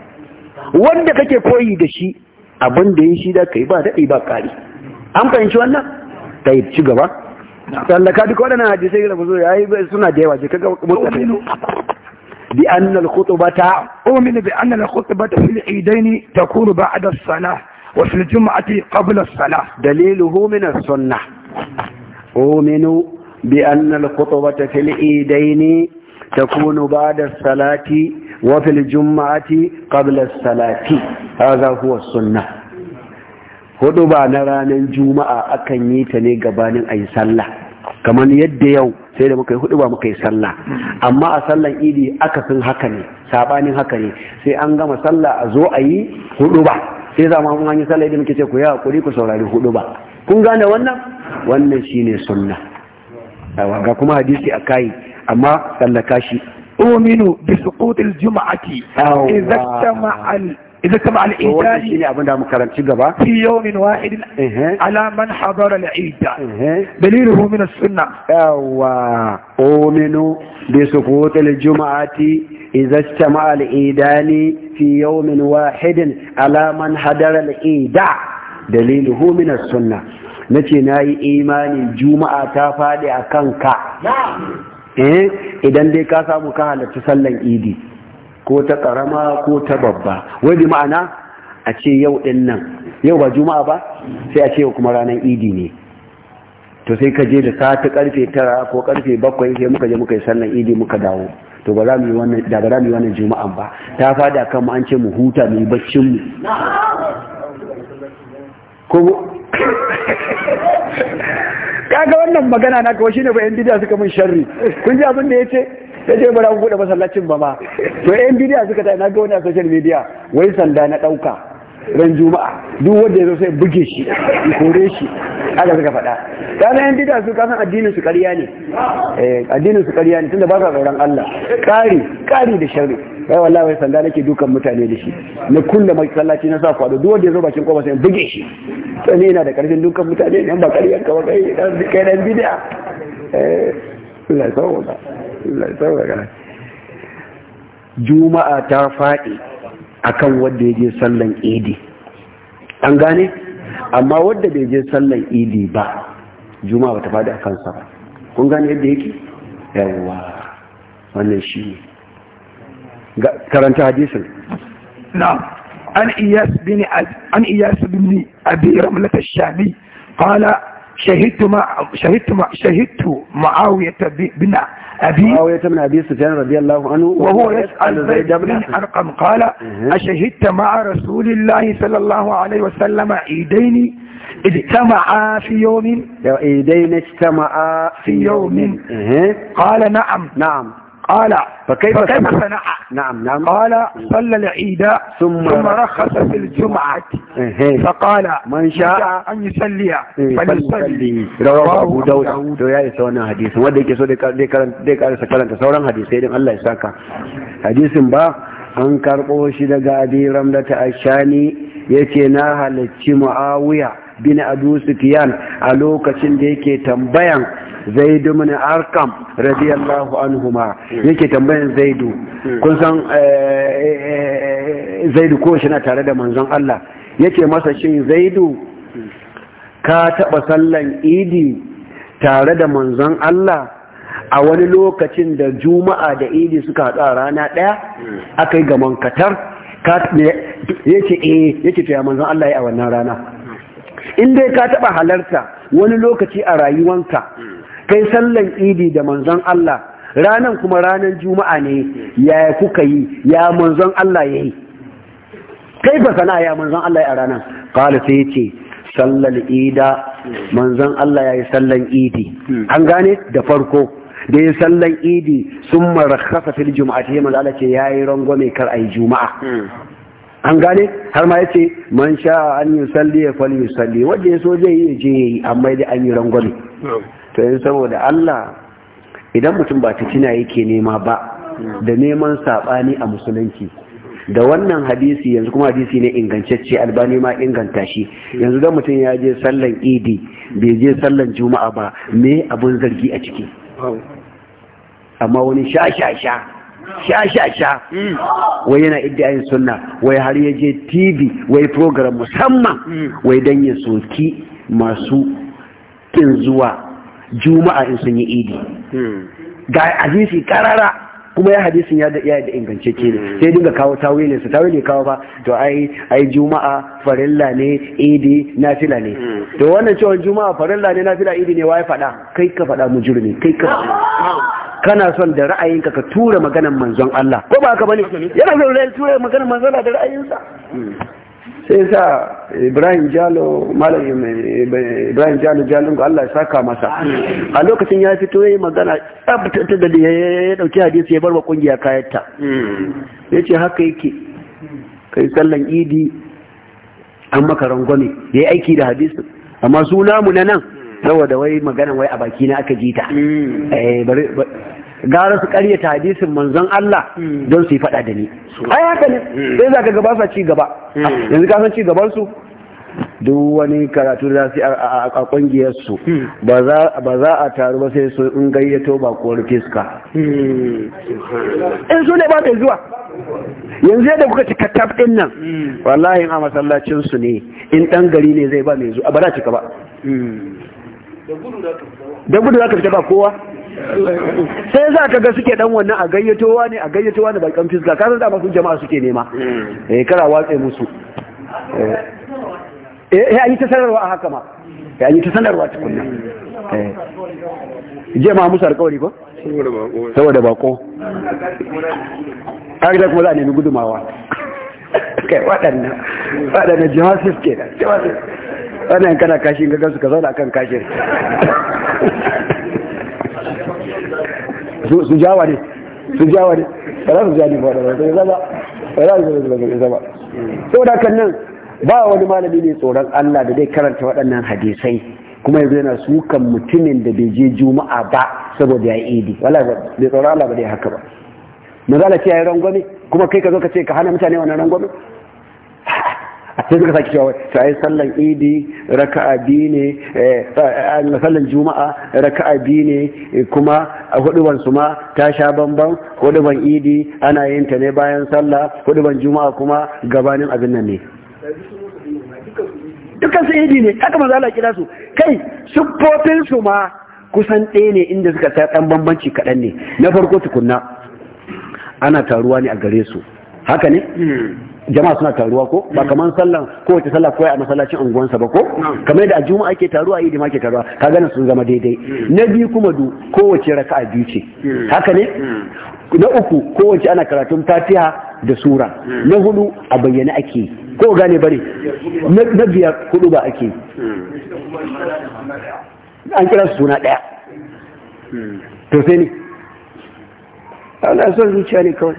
wanda kake koyi da shi abin da ya shi da kai ba daɗi ba ƙari an fahimci wannan ta yi ci gaba tsallaka duk waɗannan hadisai da ku ya yi suna da yawa jika ga mutane bi anna al-khutbata uminu bi anna al-khutbata fil idaini takunu ba'da as-salah wa fil jum'ati qabla ce salah daliluhu Dalilu as-sunnah Ominu bi anna al-khutbata fil idaini takunu ba da salati وفي الجمعة قبل الصلاة هذا هو السنة hudu ba na ranan juma'a akan yi ta ne gabanin a yi sallah kamar yadda yau sai da muka yi hudu ba muka yi sallah amma a sallan idi akasin haka ne sabanin haka ne sai an gama sallah a zo a yi hudu ba sai zama mun hanyar sallah idan muke ce ku yi hakuri ku saurari hudu ba kun gane wannan wannan shine sunna ga kuma hadisi a kai amma tsallaka shi أؤمن بسقوط الجمعة إذا اجتمع إذا اجتمع الإنسان في يوم واحد إيه. على من حضر العيد إيه. دليله من السنة أؤمن بسقوط الجمعة إذا اجتمع الإيدان في يوم واحد على من حضر العيد دليله من السنة نتي ناي إيمان الجمعة تفادي أكنك نعم eh idan dai ka samu ka halarci sallan idi ko ta karama ko ta babba wai bi ma'ana a ce yau din nan yau ba juma'a ba sai a ce yau kuma ranar idi ne to sai ka je da sati karfe tara ko karfe bakwai sai muka je muka yi sallan idi muka dawo to ba za mu yi wannan da ba za mu yi wannan juma'an ba ta fada kan mu an ce mu huta mu yi baccin mu ko ga wannan magana na kawai shine ba yan bidiya suka mun sharri kun ji abin da yace ya ce bara an buɗe masallacin ba ma to yan bidiya suka ta na ga wani a social media wai sanda na ɗauka ran juma'a duk wanda ya zo sai buge shi ya kore shi aka suka faɗa kana yan bid'a su kasan addinin su ƙarya ne eh addinin su ƙarya ne tunda ba ka tsoron Allah ƙari ƙari da sharri kai wallahi wai sanda nake dukan mutane da shi na kulle mai sallaci na sa kwado duk wanda ya zo bakin kofa sai buge shi sai ne yana da ƙarfin dukan mutane ne ba ƙarya ka ba kai kai dan bid'a eh Allah ya sauka Allah ya ga juma'a ta faɗi akan wanda ya je sallan idi an gane amma wanda bai je sallan idi ba juma'a bata faɗi a kansa ba kun gane yadda yake yawwa wannan shi ne karanta hadisin na'am an iyas bin an iyas bin abi ramlat ash-shami qala shahidtu ma shahidtu ma shahidtu muawiyah bin أبي معاوية بن أبي سفيان رضي الله عنه وهو يسأل زيد بن حرقم قال أشهدت مع رسول الله صلى الله عليه وسلم عيدين اجتمعا في يوم عيدين اجتمعا في يوم قال نعم نعم قال فكيف, فكيف صنع نعم نعم قال صلى العيد ثم, ثم رخص في الجمعة فقال من شاء أن يصلي فليصلي رواه أبو داود يا يسونا حديث وده يكسو دي كارن سكالن تسوران حديث يدن الله يساكا حديث با an karɓo shi daga abi ramdata ashani yace na halarci muawiya bin abu sufyan a lokacin da yake tambayan zaidu ibn arkam radiyallahu anhuma yake tambayan zaidu kun san eh, eh, eh, zaidu ko shi na tare da manzon Allah yake masa shin zaidu ka taba sallan idi tare da manzon Allah a wani lokacin da juma'a da idi suka hada a rana ɗaya aka yi mankatar katar yake eh yake tuya manzon Allah ya a wannan rana in dai ka taba halarta wani lokaci a rayuwanka kai sallan idi da manzon Allah ranan kuma ranan juma'a ne yaya kuka yi ya manzon Allah ya yi. kai ba sana ya manzon Allah ya ranan kala sai ce sallan ida manzon Allah ya yi sallan idi an gane da farko da ya sallan idi sun marakasa fil juma'a ce manzo Allah ce ya yayi rangwame kar a yi juma'a an gane har ma ya ce man sha an yi salli ya yusalli fa salli wanda so zai yi je yi amma dai an yi rangwame to yin saboda Allah idan mutum ba ta tuna yake nema ba da neman saɓani a musulunci da wannan hadisi yanzu kuma hadisi ne ingantacce albani ma inganta shi yanzu da mutum ya je sallan idi bai je sallan juma'a ba me abin zargi a ciki amma wani sha sha sha sha sha sha wai yana iddiyayin sunna wai har ya je tv wai program musamman wai dan ya soki masu kin zuwa juma'a in sun yi idi hmm. ga hadisi karara kuma ya hadisin ya da da ingance ke ne hmm. sai dinga kawo ne su tawilin kawo ba to ai juma'a farilla ne idi nafila ne hmm. to wannan cewa juma'a farilla ne nafila idi ne wai faɗa kai ka faɗa mujrimi kai ka kana son da ra'ayinka ka tura maganar manzon Allah ko ba haka bane yana son tura maganar manzon Allah da ra'ayinsa sai sa ibrahim jalo malamin ibrahim jalo jalin ga Allah ya saka masa a lokacin ya fito yayi magana tabbata da ya dauki hadisi ya barwa kungiya ta yace haka yake kai sallan idi an maka rangwame yayi aiki da hadisu? amma suna mu na nan saboda wai magana wai a baki na aka jita hmm. eh gara su ta hadisin manzon Allah hmm. don su yi faɗa da ni hmm. ai haka ne hmm. sai za ka gaba sa ci gaba yanzu ka san ci gaban su duk wani karatu da su a kungiyar su ba za a taru ba sai su in gayyato ba rufe suka. in su ne ba ta zuwa yanzu yadda kuka cika tab din nan wallahi a masallacin su ne in dan gari ne zai ba mai zuwa ba za cika ba da gudu za ka fita ba kowa sai za ka ga suke dan wannan a gayyatowa ne a gayyatowa ne bakan fiska kasan da masu jama'a suke nema hmm. eh kara watsa musu eh, eh an yi ta sanarwa a haka ma eh an yi ta sanarwa tukunna eh ma musu alƙawari ko saboda bako har da kuma za a nemi gudumawa kai waɗannan waɗannan jawasif ke da jama'a wannan kana kashin su ka zauna akan kashin su jawa ne su jawa ne ba za su ja ne ba da ba zama ba za su zama ba zama saboda kan nan ba wani malami ne tsoron Allah da zai karanta waɗannan hadisai kuma yanzu yana sukan mutumin da bai je juma'a ba saboda ya yi idi wala bai tsoron Allah ba dai haka ba mazala ce ya yi rangwame kuma kai ka zo ka ce ka hana mutane wannan rangwame a sai suka sake cewa to yi sallan idi raka'a biyu ne eh, eh, sallan juma'a raka'a biyu ne kuma huduban su ma ta sha bamban huduban idi ana yin ta ne bayan sallah huduban juma'a kuma gabanin abin nan ne dukkan su idi ne haka maza Allah kira su kai siffofin su ma kusan ɗaya ne inda suka ta ɗan bambanci kaɗan ne na farko tukunna ana taruwa ne a gare su haka ne hmm. jama'a suna taruwa ko ba hmm. kaman sallan kowace sallah koyi a masallacin unguwansa ba ko kamar yadda a juma'a ake taruwa idi ma ke taruwa ka gane sun zama daidai hmm. na biyu kuma du kowace raka'a biyu ce haka ne na uku kowace ana karatun fatiha da sura na hudu a bayyane ake ko gane bare na biyar hudu ba ake an kira su suna daya to sai ne Allah son zuciya ne kawai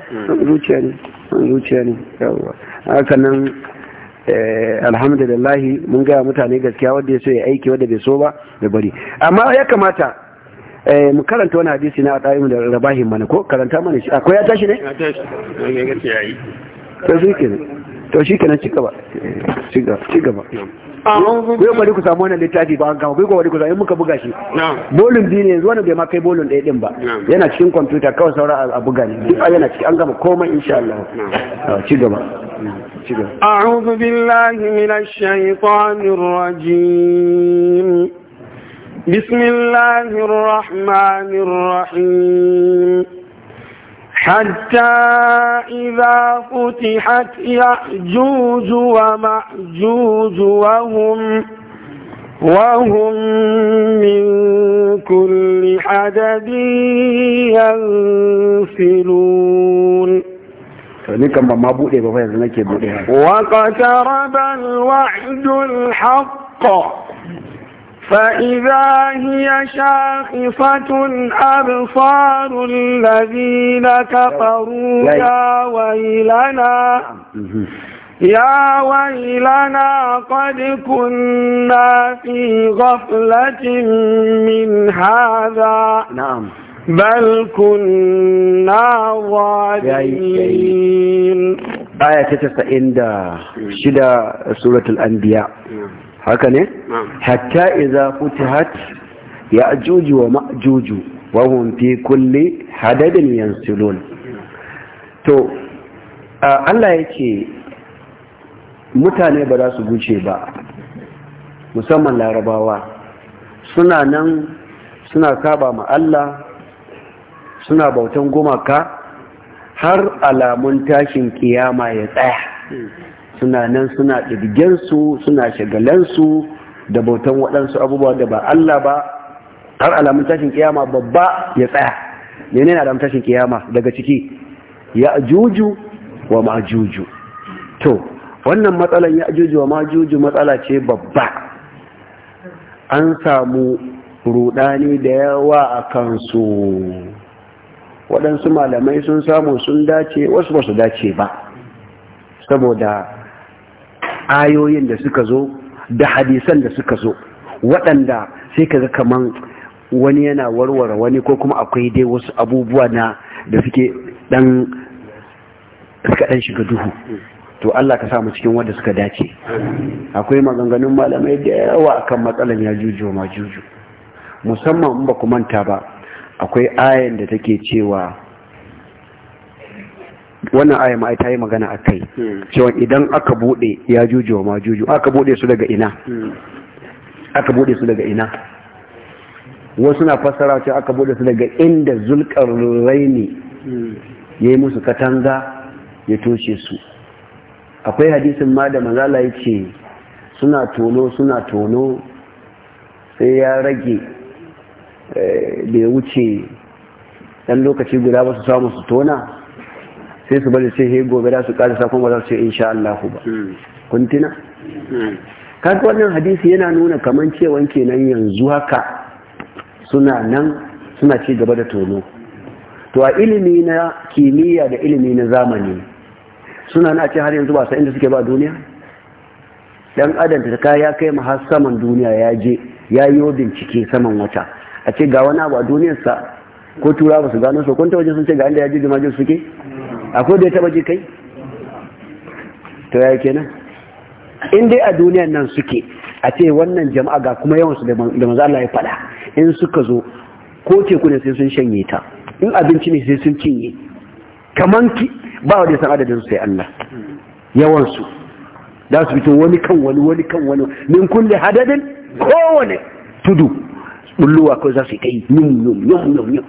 zuciya ne zuciya ne eh, alhamdulillahi mun gaya mutane gaskiya wanda ya so ya aiki wanda bai so ba da bari amma ya kamata eh, mu karanta wani hadisi na atayin da rabahin mana ko karanta mana shi akwai ya tashi ne ya tashi ya yi to shi kenan to shi kenan eh, ci gaba ci gaba ku bari ku samu wannan littafi ba an gama, ku yi ku samu muka buga shi bolin biyu ne yanzu wani bai ma kai bolin ɗaya ɗin ba yana cikin kwamfuta kawai saura a buga ne duk yana cikin an gama komai insha Allah ci gaba أعوذ بالله من الشيطان الرجيم بسم الله الرحمن الرحيم حتى إذا فتحت يأجوج ومأجوج وهم وهم من كل حدد ينفلون وقترب الوعد الحق فإذا هي شاخصة أبصار الذين كفروا يا ويلنا يا ويلنا قد كنا في غفلة من هذا نعم بل كنا ظالمين آية 96 سورة الأنبياء haka ne hatta idza futihat ya'juju wa ma'juju wa hum fi kulli hadadin yansulun to Allah yake mutane ba za su guce ba musamman larabawa suna nan suna saba ma Allah suna bautan gumaka har alamun tashin kiyama ya tsaya hmm. suna nan suna ɗirgensu suna shagalansu da bautan waɗansu abubuwa da ba Allah ba har alamun tashin kiyama babba ya tsaya ne alamun tashin kiyama daga ciki ya juju wa ma juju to wannan matsalan ya juju wa ma juju matsala ce babba an samu rudani da yawa a kansu waɗansu malamai sun samu sun dace wasu ba su dace ba saboda ayoyin da suka zo da hadisan da suka zo waɗanda sai ka ga kaman wani yana warware wani ko kuma akwai dai wasu abubuwa na da suke ɗan suka ɗan shiga duhu to Allah ka samu cikin wanda suka dace akwai maganganun malamai da yawa akan matsalan ya juju ma juju musamman ba ku manta ba akwai ayan da take cewa wannan aya ma ta yi magana a kai hmm. cewa idan aka bude ya juju ma juju aka bude su daga ina hmm. aka bude su daga ina wasu na fassara cewa aka bude su daga inda zulkar raini hmm. ya yi musu katanga ya toshe su akwai hadisin ma da manzala ya ce suna tono suna tono sai ya rage da eh, ya wuce ɗan lokaci guda ba su samu su tona sai su bari sai gobe da su kada sa kuma za su ce insha Allah ba hmm. kuntina hmm. kaga wannan hadisi yana nuna kaman cewan kenan yanzu haka suna nan suna ci gaba da tono to a ilimi na kimiyya da ilimi na zamani suna na ce har yanzu ba sa inda suke ba duniya dan adam ta kai ya kai har saman duniya ya je ya yi bincike saman wata a ce ga wani abu a duniyarsa ko tura ba su gano su kun wajen sun ce ga inda ya je suke akwai da ya taba ji kai to ya kenan in dai a duniyan nan suke a ce wannan jama'a ga kuma yawansu da manzo Allah ya faɗa in suka zo ko teku ne sai sun shanye ta in abinci ne sai sun cinye kaman ki ba da san adadin sai Allah yawansu za su fito wani kan wani wani kan wani min kulli hadadin kowane tudu bulluwa ko za su kai yum yum yum yum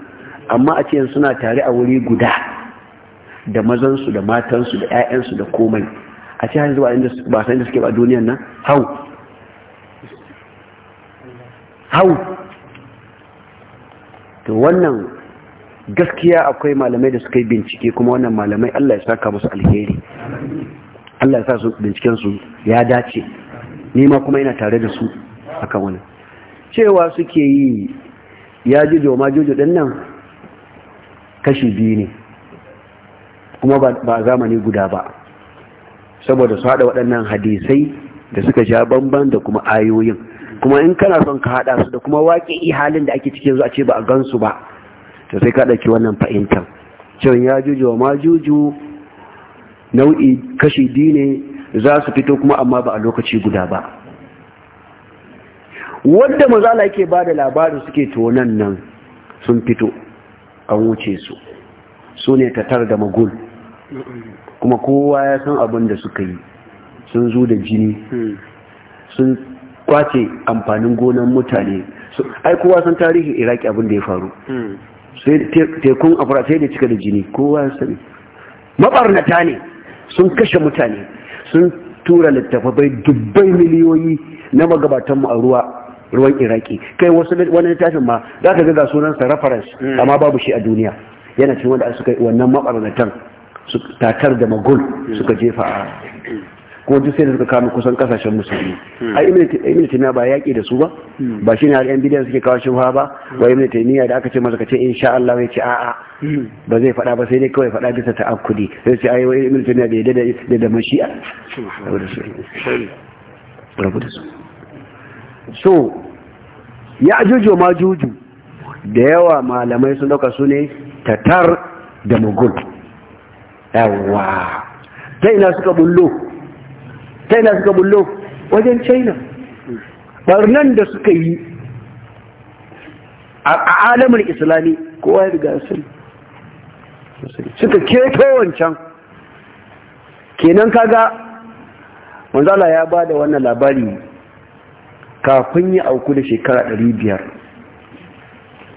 amma a ce suna tare a wuri guda da mazansu da matansu da 'ya'yansu da komai a ce yanzu ba san da suke ba duniyan nan hau hau to wannan gaskiya akwai malamai da suka yi bincike kuma wannan malamai Allah ya saka musu alheri Allah ya sa su binciken su ya dace ni ma kuma ina tare da su akan wannan cewa suke yi ya ji joma jojo din nan kashi biyu ne kuma ba zamani guda ba saboda su haɗa waɗannan hadisai da suka ja bamban da kuma ayoyin kuma in kana son ka haɗa su da kuma waƙe halin da ake cikin a ce ba a gansu ba to sai ka ɗauki wannan fahimtar cewa ya juju ma juju nau'i kashi biyu ne za su fito kuma amma ba a lokaci guda ba wadda mazala yake ba da labarin suke tonan nan sun fito an wuce su su ne tatar da magul kuma kowa ya san abin da suka yi sun zo da jini sun kwace amfanin gonan mutane ai kowa san tarihin iraki abin da ya faru sai tekun afra sai da cika da jini kowa ya sani mabarnata ne sun kashe mutane sun tura littattafai dubbai miliyoyi na magabatanmu a ruwa ruwan iraki kai wasu wani littafin ma za ka ga sunansa reference mm. amma babu shi a duniya yana cikin wanda suka yi wannan mabarnatan su takar da magul suka jefa a kodin duk sai da suka kama kusan kasashen musulmi hmm. a ibn taymiya ba yaƙi da su ba hmm. ba shi ne al'an bidiyar suke kawo shubha ba hmm. wa ibn taimiyya da aka ce masa ce insha Allah ya ce a'a ba zai faɗa ba sai dai kawai faɗa bisa ta'akkudi sai ce ayi ibn da bai dada da da mashi'a so ya ajuju ma juju da yawa malamai sun dauka su ne tatar da mugul yawa ta ina suka bullo ta ina suka bullo wajen china barnan da suka yi a alamin islami kowa ya riga sun suka keto wancan kenan kaga manzala ya ba da wannan labari kafin ya auku da shekara 500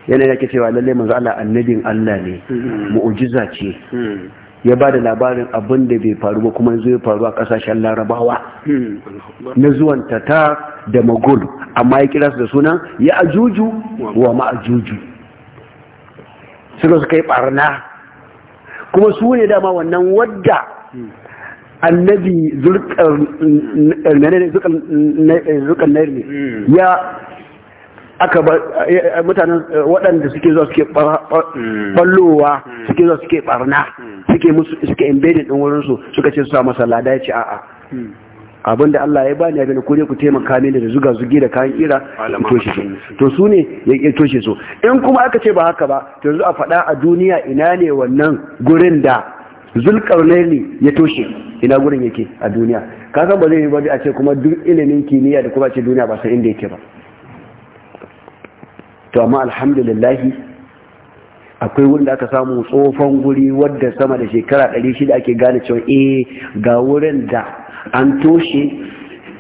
yana yake cewa lallai manzala annabin Allah ne mm-hmm. mu'ujiza ce mm-hmm. ya ba da labarin abin da bai faru ba kuma zai faru a kasashen larabawa na zuwan tata da magul amma ya kira su da suna ya ajuju wa ma'ajuju suna suka yi barna kuma su ne dama wannan wadda annabi zurkan nair ya aka eh, eh, mutanen eh, waɗanda suke zuwa suke hmm. ɓallowa hmm. suke zuwa suke ɓarna hmm. suke musu suke embedded ɗin wurinsu suka ce su sa masa lada ya ce a'a abin da Allah ya bani abin ku ne ku taimaka mini da zuga zugi da kayan ira toshe su to su ne ya toshe su in kuma aka ce ba haka ba to yanzu a faɗa a duniya ina ne wannan gurin da zulkarnaini ya toshe ina gurin yake a duniya kasan ba zai yi ba a ce kuma duk ilimin kimiyya da kuma ce duniya ba san inda yake ba to amma alhamdulillah akwai wanda aka samu tsofon guri wadda sama da shekara 600 ake gane cewa eh ga wurin da an toshe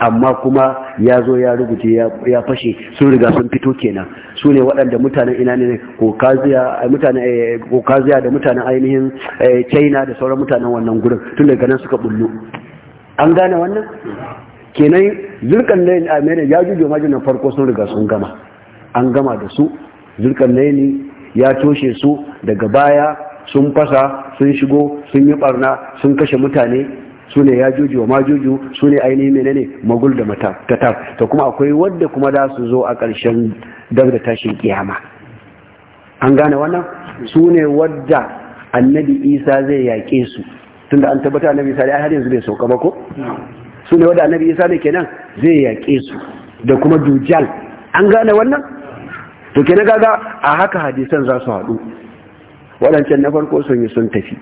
amma kuma ya zo ya rubuce ya fashe sun riga sun fito kenan su ne waɗanda mutanen ina ne kaziya eh, eh, da mutanen ainihin eh, china da sauran mutanen wannan gurin tun daga nan suka bullo an gane wannan kenan zurkan da ya jujo majin farko sun riga sun gama an gama da su laini ya toshe su daga baya sun fasa sun shigo sun yi barna sun kashe mutane su ne ya yajuju wa majuju su ne ainihin menene magul da matatar ta kuma akwai wadda kuma da su zo a ƙarshen dab da tashin kiyama an gane wannan su ne wadda annabi isa zai yaƙe su tunda an tabbata annabi isa ya yanzu bai sauka ba ko su ne wadda annabi isa ne kenan zai yaƙe su da kuma dujal an gane wannan to na gaga a haka hadisan za su haɗu waɗancan na farko sun yi sun tafi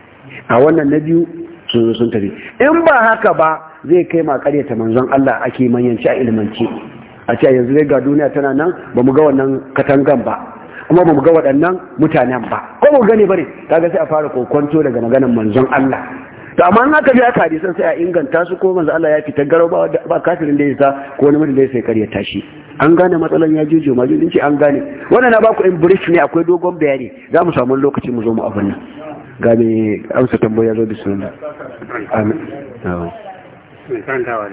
a wannan na biyu sun yi sun tafi in ba haka ba zai kai ma ta manzon Allah ake manyanci a ilmance a ce yanzu zai ga duniya tana nan ba mu ga wannan katangan ba kuma ba mu ga waɗannan mutanen ba ko mu gane bane kaga sai a fara kokonto daga maganan manzon Allah to amma in aka biya hadisan sai a inganta su ko manzo Allah ya fita garau ba ba kafirin da ya sa ko wani mutum da ya sai kariya tashi an gane matsalan ya juju ma jujin ce an gane wannan na baku in brief ne akwai dogon bayani za mu samu lokaci mu zo mu abin nan ga me amsa tambaya zo da sunan amin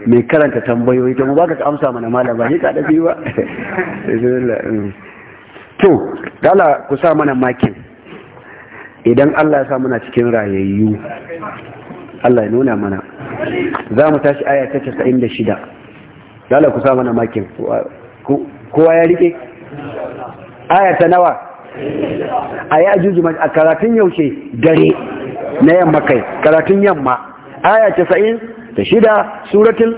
mai karanta tambayoyi ta mu baka ka amsa mana malam ba ni ka dafi ba to dala ku sa mana makin idan Allah ya sa muna cikin rayayyu Allah ya nuna mana za mu tashi aya ta 96 dala ku sa mana makin kowa ya rike aya ta nawa a yi ajuji a karatun yaushe dare na yamma kai karatun yamma aya ta sa'in da shida suratun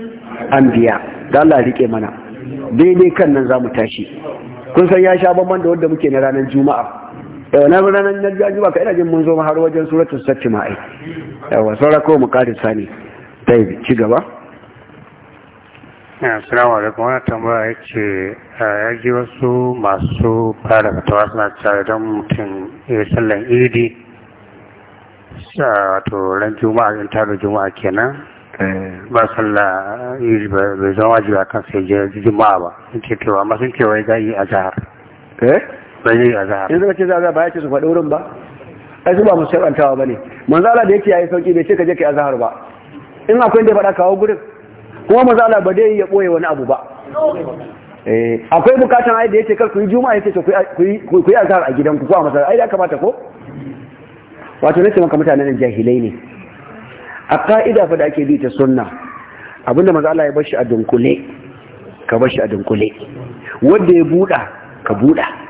anbiya da Allah rike mana daidai kan nan za mu tashi kun san ya sha banban da wanda muke na ranar juma'a yau eh, na ranar jaji ba ka ina jin mun zo har wajen suratun sati ma'ai yawa saura ko mu kari sani ta yi ci gaba eh, assalamu kuma na tambaya ya ce eh, ya ji wasu masu fara da fatawa suna cari don mutum ya sallan idi wato ran juma'a in taro juma'a kenan ba sallah idi bai zama wajibi akan sai je juma'a ba in ce to masu sun ya wai za yi a jihar ba zai azhar in ce za ba ya ce su faɗi wurin ba ai su ba mu shabantawa bane manzo Allah da yake yayi sauki bai ce ka je ka yi azahar ba in akwai da faɗa kawo gurin kuma Manzala ba dai ya ɓoye wani abu ba eh, akwai bukatan ai da yake kar ku yi juma'a yake to ku yi azahar a gidanku ko a masallaci ai da kamata ko wato nake maka mutanen jahilai ne a ka'ida fa da ake bi ta sunna abinda maza Allah ya bashi a dunkule ka bashi a dunkule wanda ya buɗa ka buɗa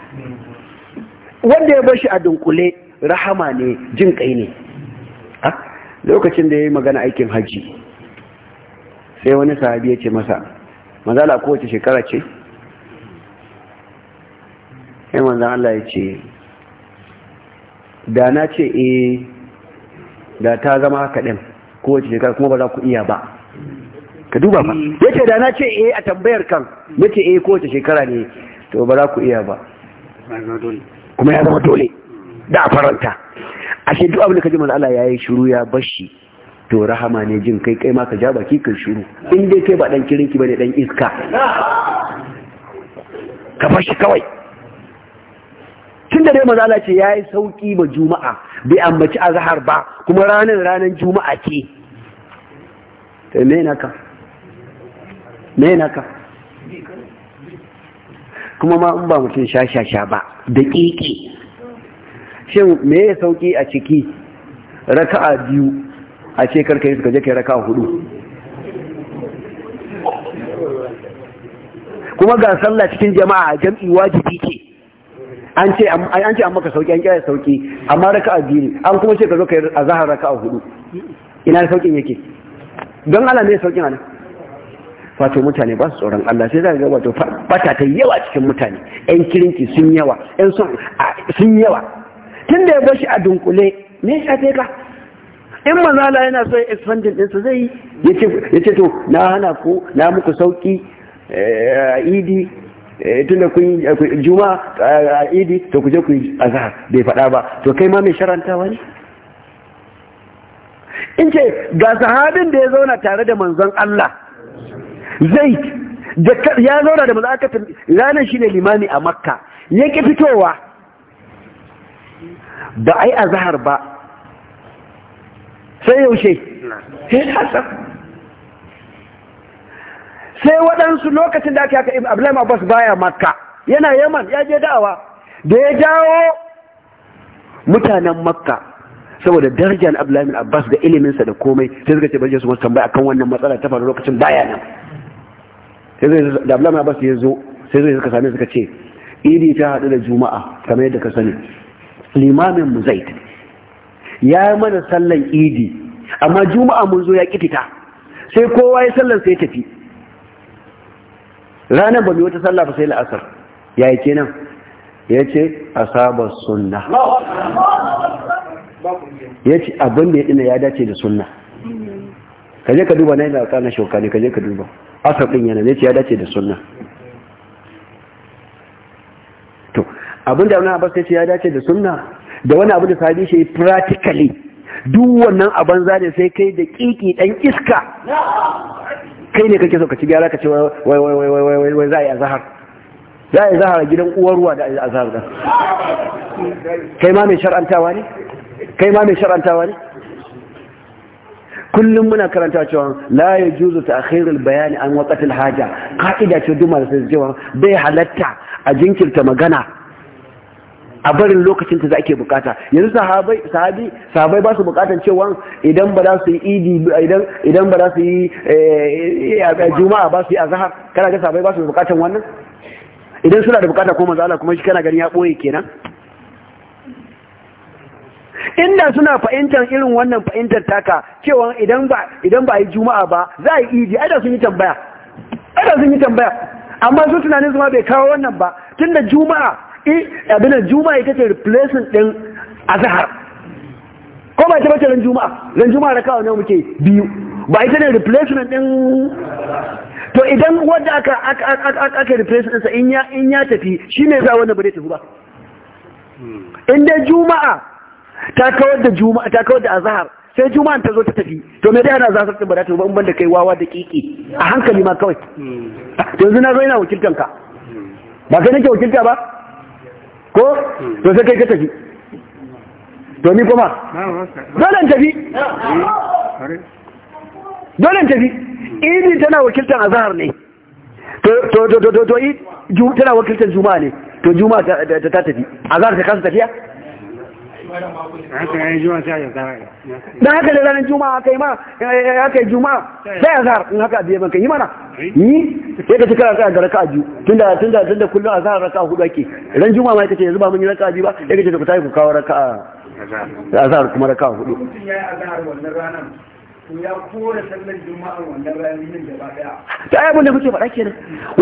wanda ya bashi a dunkule rahama ne jin kai ne lokacin da ya yi magana aikin hajji sai wani sahabi ya ce masa mazala kowace shekara ce Yan wanzan Allah ya ce da na ce e da ta zama haka ɗin kowace shekara kuma ba za ku iya ba ka duba ba ya ce da na ce e a tambayar kan ya ce e kowace shekara ne to ba za ku iya ba kuma ya zama dole da a faranta a duk abin da kaji ji ya yi yayi shiru ya bashi to rahama ne jin kai kai ma ka ja baki kan shiru in dai kai ba dan kirinki bane dan iska ka bashi kawai Tunda da dai mazala ce yayi sauki sauƙi juma'a bai ambaci azhar ba kuma ranar ranar juma'a ce Me menaka menaka kuma ma in ba mutum sha sha sha ba da ƙiƙi shin me ya sauƙi a ciki raka'a biyu a shekar ka yi suka je kai raka'a hudu kuma ga sallah cikin jama'a a jam'i wajibi ce an ce an maka sauƙi an kira sauƙi amma raka'a biyu ne an kuma ce ka zo kai zahar raka'a hudu ina sauƙin yake don ala ne sauƙin ala wato mutane ba su tsoron Allah sai zaka ga wato bata ta yawa cikin mutane yan kirinki sun yawa yan son sun yawa tunda ya bashi a dunkule me ya tafi ka in mazala yana so ya expandin din su zai ya ce to na hana ku na muku sauki eh, idi eh, tunda eh, kun juma'a idi to ku je ku azhar bai faɗa ba to kai ma mai sharantawa ne in ce ga sahabin da ya zauna tare da manzon Allah zai ya zauna da maza'akatar ranar shi ne limami a makka ya fitowa ba a yi a zahar ba sai yaushe sai waɗansu lokacin da aka yi abdullahi bas baya makka yana yaman ya je da'awa da ya jawo mutanen makka saboda darajar abdullahi abbas da iliminsa da komai sai suka ce bari su masu tambaya kan wannan matsala ta faru lokacin bayanan. sai zai da ba su ya zo sai zai suka same suka ce idi ta hadu da juma'a kamar yadda ka sani limamin mu zaid ya yi mana sallan idi amma juma'a mun zo ya kitita sai kowa ya sallan sai tafi ranar ba mai wata sallah ba sai la'asar ya yi kenan ya ce asabar sunna ya ce abin da ya dina ya dace da sunna ka je ka duba na yana kana shauka ne ka je ka duba asar ɗin yana ne ya dace da sunna to abin da wani abbas ya ce ya dace da sunna da wani abu da sabi shi practically duk wannan abin za ne sai kai da kiki dan iska kai ne kake so ka ci gyara ka ce wai wai wai wai wai wai za a yi azahar za a yi azahar gidan uwar ruwa da azahar da kai ma mai shar'antawa ne kai ma mai shar'antawa ne kullum muna karanta cewa la ya juzu ta akhirul bayani an waqatil haja ka'ida ce duma da cewa bai halatta a jinkirta magana a barin lokacin ta za ake bukata yanzu sahabai sahabi sahabai ba su bukatan cewa idan ba za su yi idi idan idan ba za su yi eh, eh, eh, juma'a ba su yi azhar kana ga sahabai ba su bukatan wannan idan suna da bukata ko manzo Allah kuma shi kana gani ya boye kenan inda suna fahimtar irin wannan fahimtar taka cewa idan ba idan yi juma'a ba za a yi idi ai da sun yi tambaya ai da sun yi tambaya amma su tunanin su ma bai kawo wannan ba tunda juma'a abin da juma'a ita ce replacement din azhar ko ba ita bace ran juma'a ran juma'a raka'a ne muke biyu ba ita ne replacement din to idan wanda aka aka aka replace ɗinsa in ya in ya tafi shine za wanda ba zai tafi ba in dai juma'a ta kawar da juma'a ta kawar da azhar sai juma'an ta zo ta tafi to me dai ana za su tsibira ta ban banda kai wawa da kiki a hankali ma kawai yanzu na zo ina wakiltan ka ba kai nake wakilta ba ko to sai kai ka tafi to ni kuma dole tafi dole tafi idi tana wakiltan azhar ne to to to to tana wakiltan juma'a ne to juma'a ta tafi azhar ta kasa tafiya da haka da ranar juma'a aka yi ma eh, aka yi juma'a sai zahar in haka biye banka yi mana yi sai ka ci kara tsaye da raka'a biyu da tun da kullum a azhar raka'a hudu ake ran juma'a ma kace yanzu ba mun yi raka'a biyu ba ya kace ku tayi ku kawo raka'a azhar kuma raka hudu mutum yayi azhar wannan ranar ya ta faɗa kenan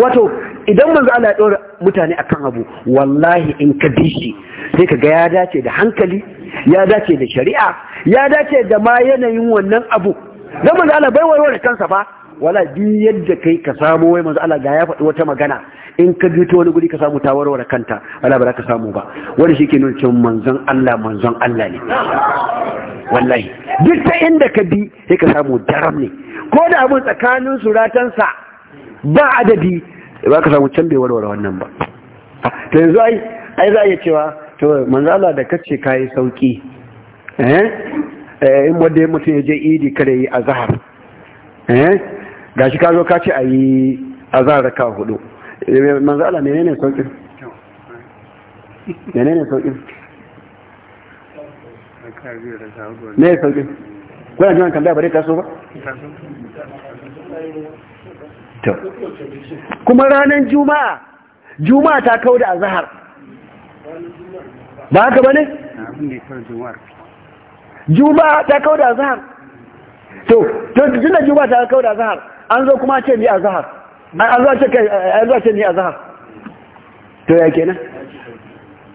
wato idan manzo ana ya ɗora mutane akan abu wallahi in ka bi shi sai ka ga ya dace da hankali ya dace da shari'a ya dace da ma yanayin wannan abu dan manzo Allah bai warware kansa ba wala duk yadda kai ka samu wai manzo Allah ga ya faɗi wata magana in ka ji ta wani guri ka samu ta warware kanta wala ba za ka samu ba wani shi ke nuna cewa manzon Allah manzon Allah ne wallahi duk ta inda ka bi sai ka samu daram ne ko da abin tsakanin suratansa ba adadi ba ka samu can bai warware wannan ba ah, to yanzu ai ai za a iya cewa to manzo Allah da kace kai sauki eh? eh in wanda mutum ya je idi kare yi azhar eh ga ka zo kaci ayi a yi azan raka hudu eh, manzo Allah menene saukin menene saukin ne saukin kuna jiran tambaya bare taso ba to kuma ranar juma'a juma'a ta kawo da azhar ba haka bane juma'a ta kawo da azhar to to tunda juma'a ta kawo da azhar an zo kuma ce ni a zahar an zo eh, ce ni a zahar to ya kenan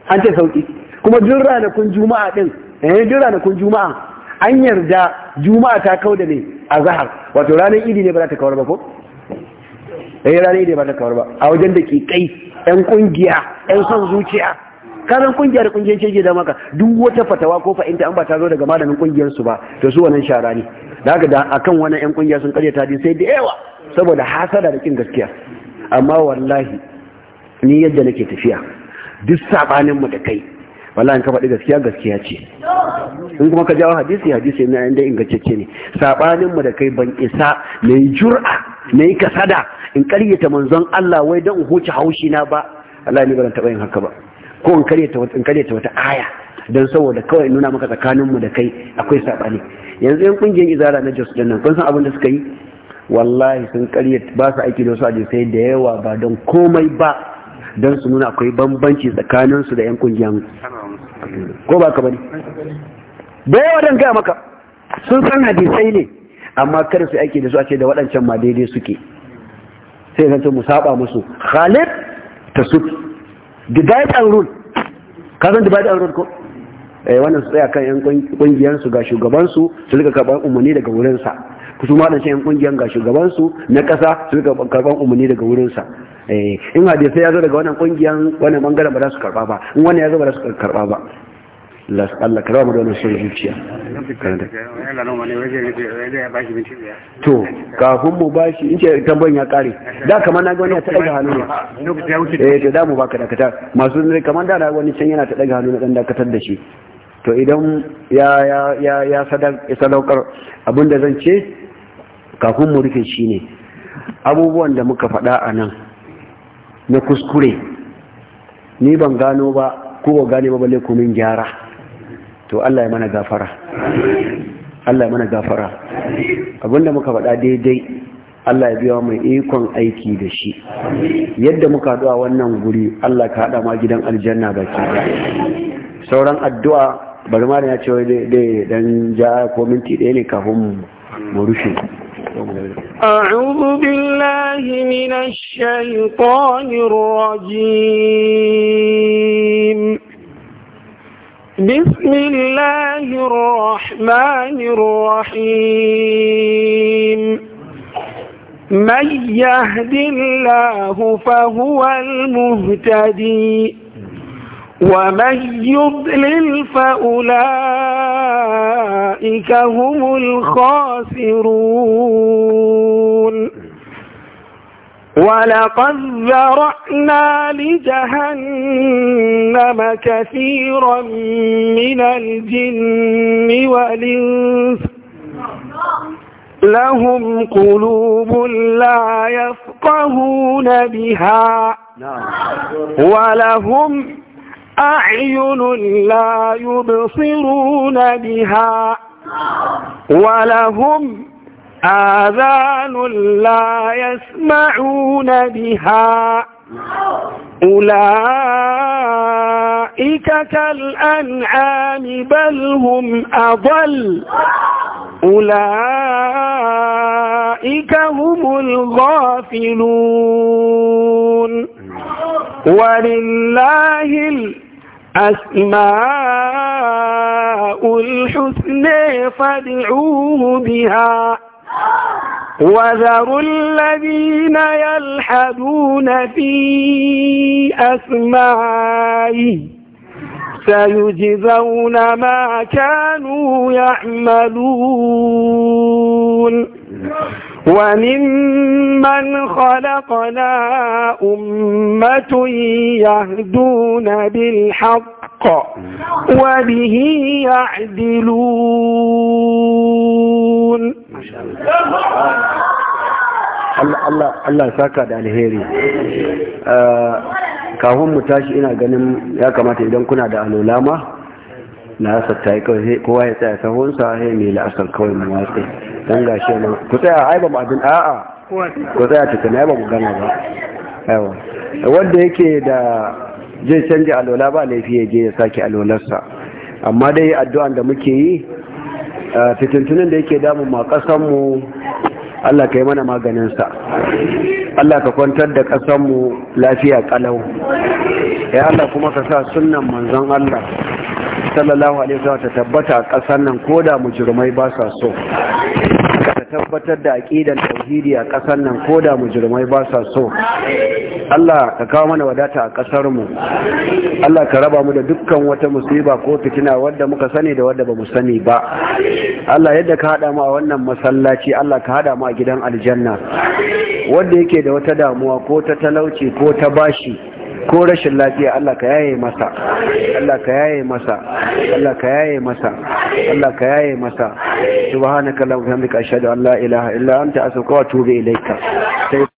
an ce sauki kuma jin ranakun juma'a din eh jin ranakun juma'a an yarda juma'a ta da ne a zahar wato ranar idi ne ba za ta kawar ba ko eh ranar idi ba ta kawar ba a wajen da ke kai yan kungiya yan son zuciya karan kungiyar kungiyar ce da maka duk wata fatawa ko fa'inta an ba ta zo daga malamin kungiyar su ba to su wannan shara ne da haka da akan wani yan kungiya sun karyata din sai da yawa saboda hasada da kin gaskiya amma wallahi ni yadda nake tafiya duk sabanin mu da kai wallahi ka faɗi gaskiya gaskiya ce in kuma ka jawo hadisi hadisi na inda ingantacce ne sabanin mu da kai ban isa mai jur'a nayi kasada in karyata manzon Allah wai dan huce haushi na ba Allah ni ban taba yin haka ba ko in karyata wata aya don saboda kawai nuna maka tsakaninmu da kai akwai sabani yanzu yan kungiyar izara na jos dinnan kun san abin da suka yi wallahi sun karye ba su aiki da wasu hadisai da yawa ba don komai ba don su nuna akwai bambanci tsakanin su da yan kungiyar ko ba ka bane da yawa don gaya maka sun san hadisai ne amma kada su aiki da su a ce da waɗancan ma daidai suke sai zan ce mu saba musu khalid tasuf divide and rule ka san divide and rule ko Eh, wannan su tsaya kan yan kungiyar su ga shugaban su su rika karban umarni daga wurin sa su ma dan yan kungiyar ga shugaban su na kasa su rika karban umarni daga wurin sa eh, in hadisi ya zo daga wannan kungiyar wannan bangaren ba za su karba ba in wannan ya zo ba za su karba ba Allah Allah karawa mu da wannan son zuciya to kafin mu bashi in ce tambayan ya kare da kamar na ga wani ta daga hannu ne eh to da mu baka dakata masu ne kamar da na wani can yana ta daga hannu na dan dakatar da shi to idan ya ya ya ya sadaukar abinda zan ce kafin mu rufe shi ne abubuwan da muka faɗa a nan na kuskure ni ban gano ba ko ba gane ba balle ko min gyara to Allah ya mana gafara Allah ya mana gafara abinda muka faɗa daidai Allah ya biya mai ikon aiki da shi yadda muka haɗu a wannan guri Allah ka haɗa ma gidan aljanna baki sauran addu'a bari ma ya ce dai dan ja ko minti ɗaya ne kafin mu rufe أعوذ بالله من الشيطان الرجيم بسم الله الرحمن الرحيم من يهد الله فهو المهتدي ومن يضلل فأولئك هم الخاسرون ولقد ذرأنا لجهنم كثيرا من الجن والإنس لهم قلوب لا يفقهون بها ولهم أعين لا يبصرون بها ولهم آذان لا يسمعون بها أولئك كالأنعام بل هم أضل أولئك هم الغافلون ولله الأسماء الحسنى فادعوه بها وذروا الذين يلحدون في أسمائه سيجزون ما كانوا يعملون وممن خلقنا أمة يهدون بالحق وبه يعدلون Allah saka da alheri ah, kafin mu tashi ina ganin ya kamata idan kuna da alola ma na asar ta yi kawai kowa ya tsaya sahunsa ya mai la'asar kawai mu watsi don ga shi nan ku tsaya aiba ba abin a'a ku tsaya cikin aiba mu gana ba yawon, wanda yake da zai canji alola ba laifi ya je ya sake alolarsa amma dai addu'an da muke yi Ah, fitintunin da yake damun ma ƙasanmu Allah ka yi mana maganinsa Allah ka kwantar da ƙasanmu lafiya ƙalau ya Allah kuma ka sa sunan manzon Allah sallallahu alaihi wasallam ta tabbata a ƙasar nan ko da mujrimai ba sa so ka tabbatar da aƙidar tauhidi a ƙasar nan ko da mujirmai ba sa so Allah ka kawo mana wadata a ƙasarmu. mu Allah ka raba mu da dukkan wata musiba ko fitina wadda muka sani da wadda ba mu sani ba Allah yadda ka haɗa mu a wannan masallaci Allah ka haɗa mu a gidan aljanna wanda yake da wata damuwa ko ta talauci ko ta bashi ko rashin lafiya Allah ka yaye masa Allah ka yaye masa Allah ka yaye masa Allah ka yaye masa subhanaka allahumma wa bihamdika ashhadu an la ilaha illa anta astaghfiruka wa atubu ilayka